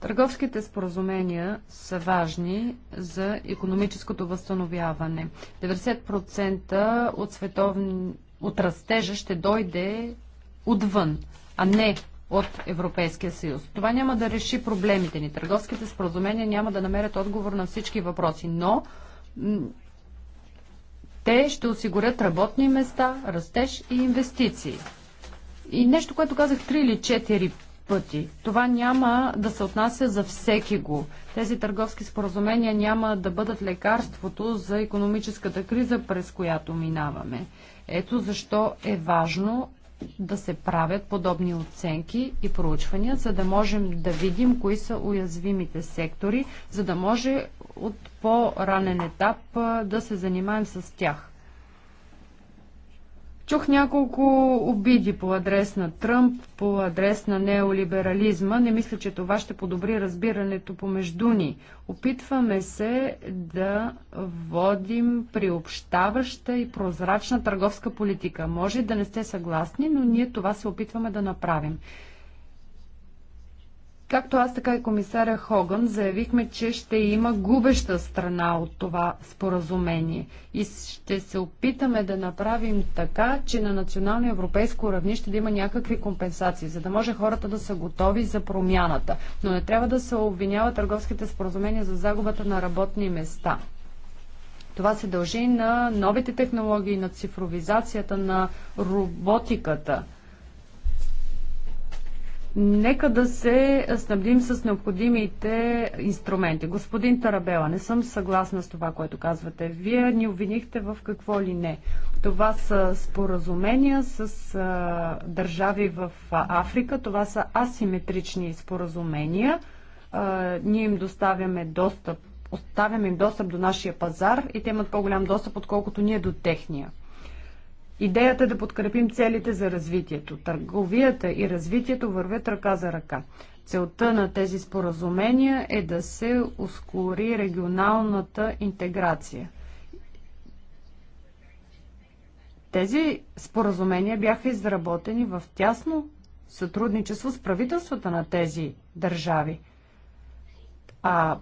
Търговските споразумения са важни за економическото възстановяване. 90% от, световни, от растежа ще дойде отвън, а не от Европейския съюз. Това няма да реши проблемите ни. Търговските споразумения няма да намерят отговор на всички въпроси, но те ще осигурят работни места, растеж и инвестиции. И нещо, което казах три или четири пъти. Това няма да се отнася за всеки го. Тези търговски споразумения няма да бъдат лекарството за економическата криза, през която минаваме. Ето защо е важно да се правят подобни оценки и проучвания, за да можем да видим кои са уязвимите сектори, за да може от по-ранен етап да се занимаем с тях. Чух няколко обиди по адрес на Тръмп, по адрес на неолиберализма. Не мисля, че това ще подобри разбирането помежду ни. Опитваме се да водим приобщаваща и прозрачна търговска политика. Може да не сте съгласни, но ние това се опитваме да направим. Както аз, така и комисаря Хоган заявихме, че ще има губеща страна от това споразумение и ще се опитаме да направим така, че на национално европейско равнище да има някакви компенсации, за да може хората да са готови за промяната. Но не трябва да се обвиняват търговските споразумения за загубата на работни места. Това се дължи на новите технологии, на цифровизацията, на роботиката – Нека да се снабдим с необходимите инструменти. Господин Тарабела, не съм съгласна с това, което казвате. Вие ни обвинихте в какво ли не. Това са споразумения с а, държави в Африка. Това са асиметрични споразумения. А, ние им доставяме достъп, оставяме им достъп до нашия пазар и те имат по-голям достъп, отколкото ние до техния. Идеята е да подкрепим целите за развитието. Търговията и развитието вървят ръка за ръка. Целта на тези споразумения е да се ускори регионалната интеграция. Тези споразумения бяха изработени в тясно сътрудничество с правителствата на тези държави – а,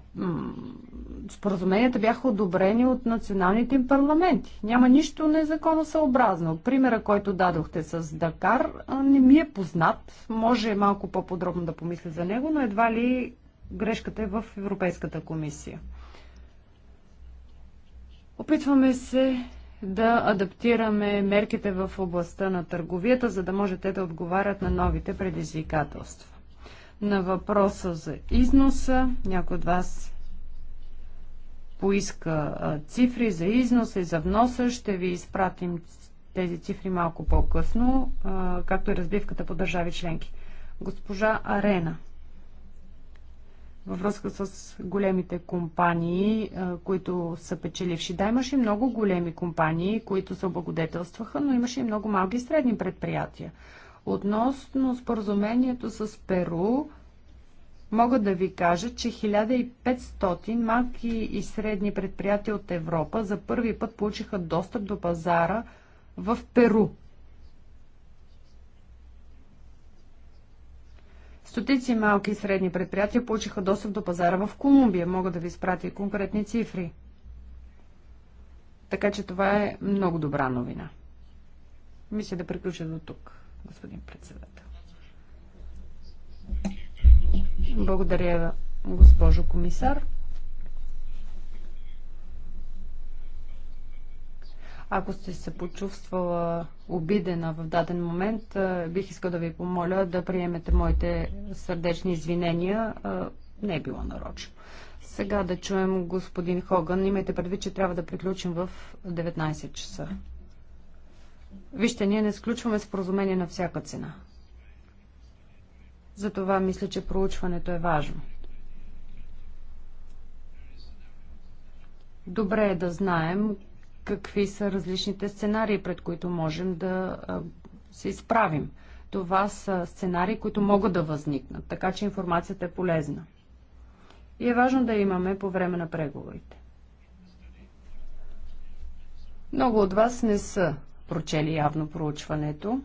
споразуменията бяха одобрени от националните им парламенти. Няма нищо незаконосъобразно. Примера, който дадохте с Дакар, не ми е познат. Може малко по-подробно да помисля за него, но едва ли грешката е в Европейската комисия. Опитваме се да адаптираме мерките в областта на търговията, за да може те да отговарят на новите предизвикателства на въпроса за износа. Някой от вас поиска цифри за износа и за вноса. Ще ви изпратим тези цифри малко по-късно, както и разбивката по държави членки. Госпожа Арена във връзка с големите компании, които са печеливши. Да, имаше много големи компании, които се облагодетелстваха, но имаше и много малки и средни предприятия. Относно споразумението с Перу, мога да ви кажа, че 1500 малки и средни предприятия от Европа за първи път получиха достъп до пазара в Перу. Стотици малки и средни предприятия получиха достъп до пазара в Колумбия. Мога да ви изпратя конкретни цифри. Така че това е много добра новина. Мисля да приключа до тук господин председател. Благодаря, госпожо комисар. Ако сте се почувствала обидена в даден момент, бих искал да ви помоля да приемете моите сърдечни извинения. Не е било нарочно. Сега да чуем господин Хоган. Имайте предвид, че трябва да приключим в 19 часа. Вижте, ние не сключваме споразумение на всяка цена. Затова мисля, че проучването е важно. Добре е да знаем какви са различните сценарии, пред които можем да се изправим. Това са сценарии, които могат да възникнат, така че информацията е полезна. И е важно да имаме по време на преговорите. Много от вас не са прочели явно проучването.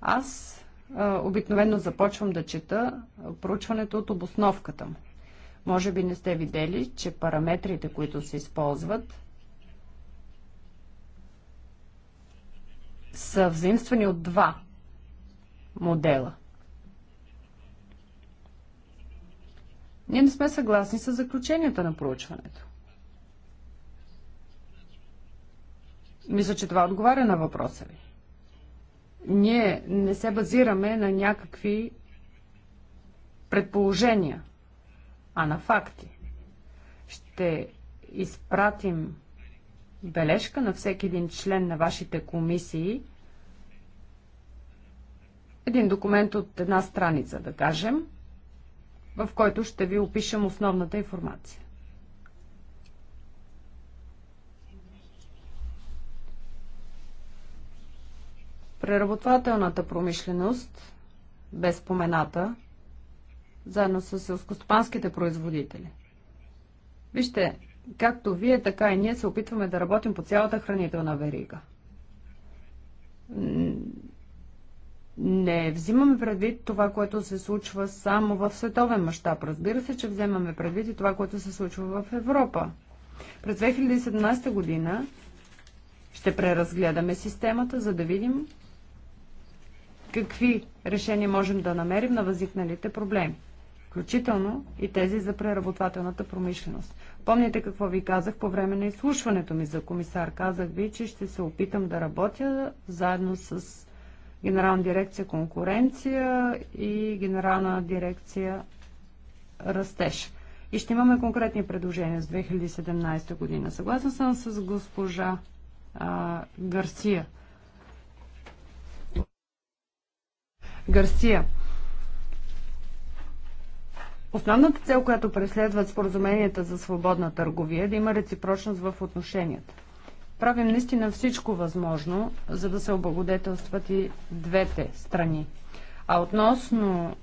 Аз обикновено започвам да чета проучването от обосновката му. Може би не сте видели, че параметрите, които се използват, са взаимствани от два модела. Ние не сме съгласни с заключенията на проучването. Мисля, че това отговаря на въпроса ви. Ние не се базираме на някакви предположения, а на факти. Ще изпратим бележка на всеки един член на вашите комисии, един документ от една страница, да кажем, в който ще ви опишем основната информация. Преработвателната промишленост, без спомената, заедно с селскостопанските производители. Вижте, както вие, така и ние се опитваме да работим по цялата хранителна верига. Не взимаме предвид това, което се случва само в световен мащаб. Разбира се, че вземаме предвид и това, което се случва в Европа. През 2017 година ще преразгледаме системата, за да видим какви решения можем да намерим на възникналите проблеми, включително и тези за преработвателната промишленост. Помните какво ви казах по време на изслушването ми за комисар? Казах ви, че ще се опитам да работя заедно с Генерална дирекция конкуренция и Генерална дирекция растеж. И ще имаме конкретни предложения с 2017 година. Съгласна съм с госпожа а, Гарсия. Гарсия. Основната цел, която преследват споразуменията за свободна търговия е да има реципрочност в отношенията. Правим наистина всичко възможно, за да се облагодетелстват и двете страни. А относно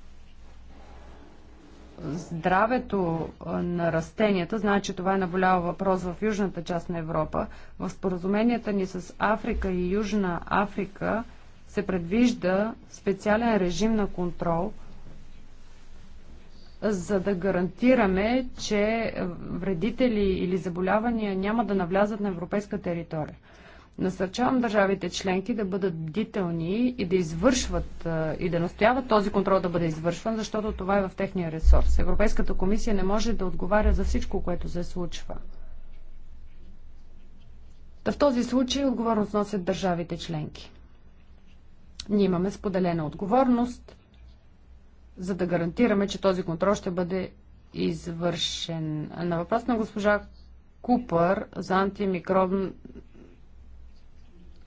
здравето на растенията, знае, че това е наболял въпрос в южната част на Европа. В споразуменията ни с Африка и Южна Африка – се предвижда специален режим на контрол, за да гарантираме, че вредители или заболявания няма да навлязат на европейска територия. Насърчавам държавите членки да бъдат бдителни и да извършват и да настояват този контрол да бъде извършван, защото това е в техния ресурс. Европейската комисия не може да отговаря за всичко, което се случва. Та в този случай отговорност носят държавите членки. Ние имаме споделена отговорност, за да гарантираме, че този контрол ще бъде извършен. На въпрос на госпожа Купър за антимикробн...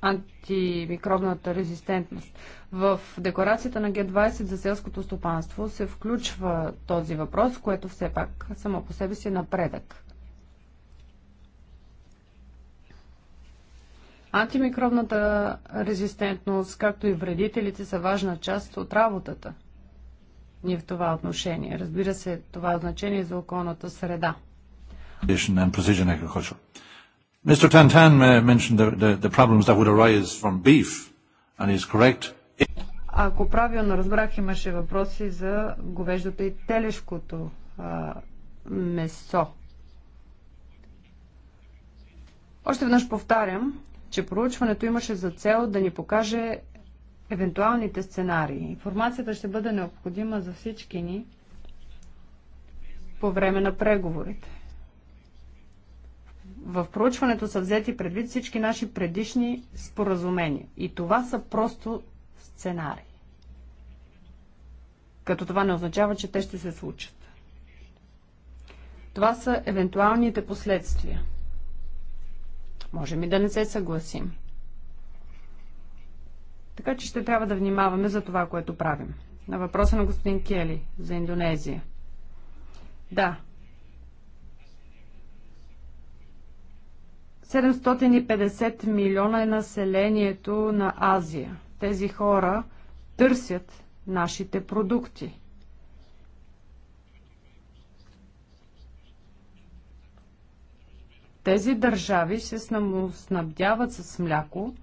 антимикробната резистентност. В декларацията на Г20 за селското стопанство се включва този въпрос, което все пак само по себе си е напредък. Антимикробната резистентност, както и вредителите, са важна част от работата ни в това отношение. Разбира се, това е значение за околната среда. Mr. Tantan mentioned the, the, the problems that would arise from beef, and he's correct. Ако правилно разбрах, имаше въпроси за говеждото и телешкото а, месо. Още веднъж повтарям, че проучването имаше за цел да ни покаже евентуалните сценарии. Информацията ще бъде необходима за всички ни по време на преговорите. В проучването са взети предвид всички наши предишни споразумения. И това са просто сценарии. Като това не означава, че те ще се случат. Това са евентуалните последствия. Можем и да не се съгласим. Така че ще трябва да внимаваме за това, което правим. На въпроса на господин Кели за Индонезия. Да. 750 милиона е населението на Азия. Тези хора търсят нашите продукти. Тези държави се снабдяват с мляко,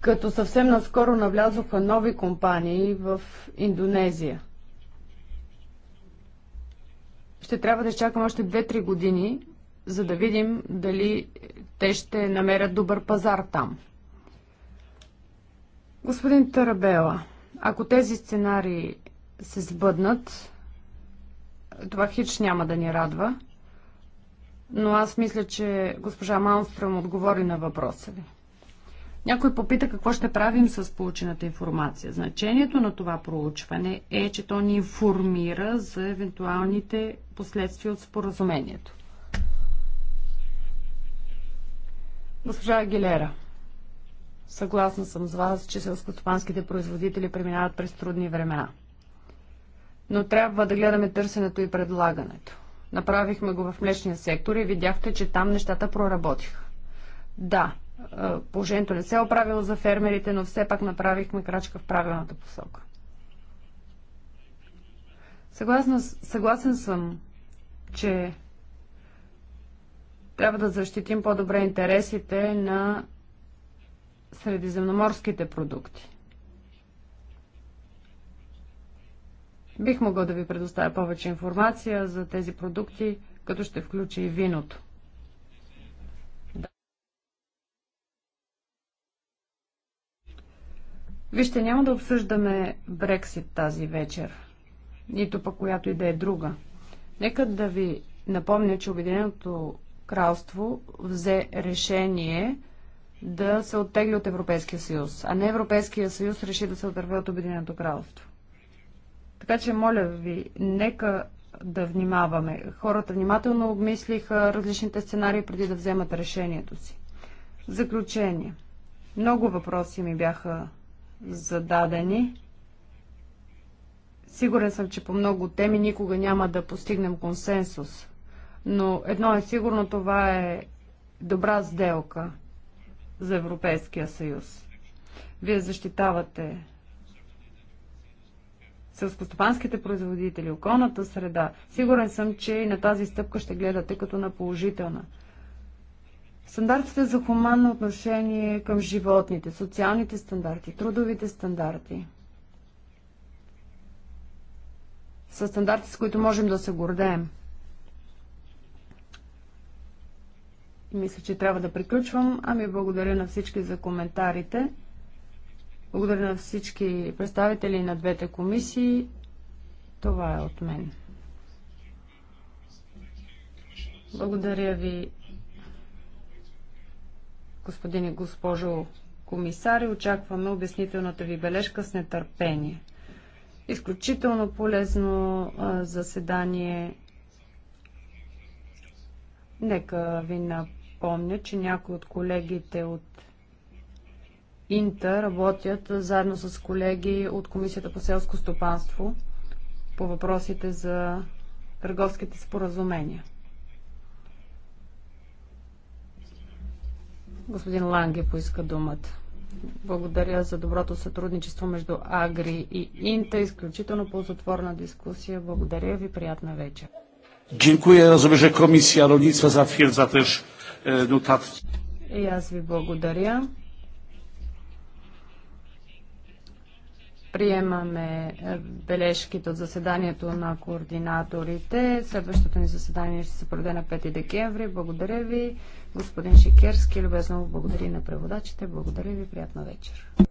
като съвсем наскоро навлязоха нови компании в Индонезия. Ще трябва да изчакам още 2-3 години, за да видим дали те ще намерят добър пазар там. Господин Тарабела, ако тези сценарии се сбъднат, това хич няма да ни радва. Но аз мисля, че госпожа Малмстрам отговори на въпроса ви. Някой попита какво ще правим с получената информация. Значението на това проучване е, че то ни информира за евентуалните последствия от споразумението. Госпожа Агилера, съгласна съм с вас, че селскостопанските производители преминават през трудни времена но трябва да гледаме търсенето и предлагането. Направихме го в млечния сектор и видяхте, че там нещата проработиха. Да, е, положението не се е оправило за фермерите, но все пак направихме крачка в правилната посока. Съгласна, съгласен съм, че трябва да защитим по-добре интересите на средиземноморските продукти. Бих могъл да ви предоставя повече информация за тези продукти, като ще включи и виното. Вижте, няма да обсъждаме Брексит тази вечер, нито пък която и да е друга. Нека да ви напомня, че Обединеното кралство взе решение да се оттегли от Европейския съюз, а не Европейския съюз реши да се отърве от Обединеното кралство. Така че, моля ви, нека да внимаваме. Хората внимателно обмислиха различните сценарии преди да вземат решението си. Заключение. Много въпроси ми бяха зададени. Сигурен съм, че по много теми никога няма да постигнем консенсус. Но едно е сигурно, това е добра сделка за Европейския съюз. Вие защитавате селскостопанските производители, околната среда. Сигурен съм, че и на тази стъпка ще гледате като на положителна. Стандартите за хуманно отношение към животните, социалните стандарти, трудовите стандарти са стандарти, с които можем да се гордеем. Мисля, че трябва да приключвам. Ами благодаря на всички за коментарите. Благодаря на всички представители на двете комисии. Това е от мен. Благодаря ви, господин и госпожо комисари. Очакваме обяснителната ви бележка с нетърпение. Изключително полезно заседание. Нека ви напомня, че някои от колегите от Инта работят заедно с колеги от Комисията по селско стопанство по въпросите за търговските споразумения. Господин Ланге поиска думата. Благодаря за доброто сътрудничество между Агри и Инта. Изключително ползотворна дискусия. Благодаря ви. Приятна вечер. Dziękuję. Rozumiem, комисия родица за zatwierdza też e, аз ви благодаря. Приемаме е, бележките от заседанието на координаторите. Следващото ни заседание ще се проведе на 5 декември. Благодаря ви. Господин Шикерски, любезно благодаря на преводачите. Благодаря ви. Приятна вечер.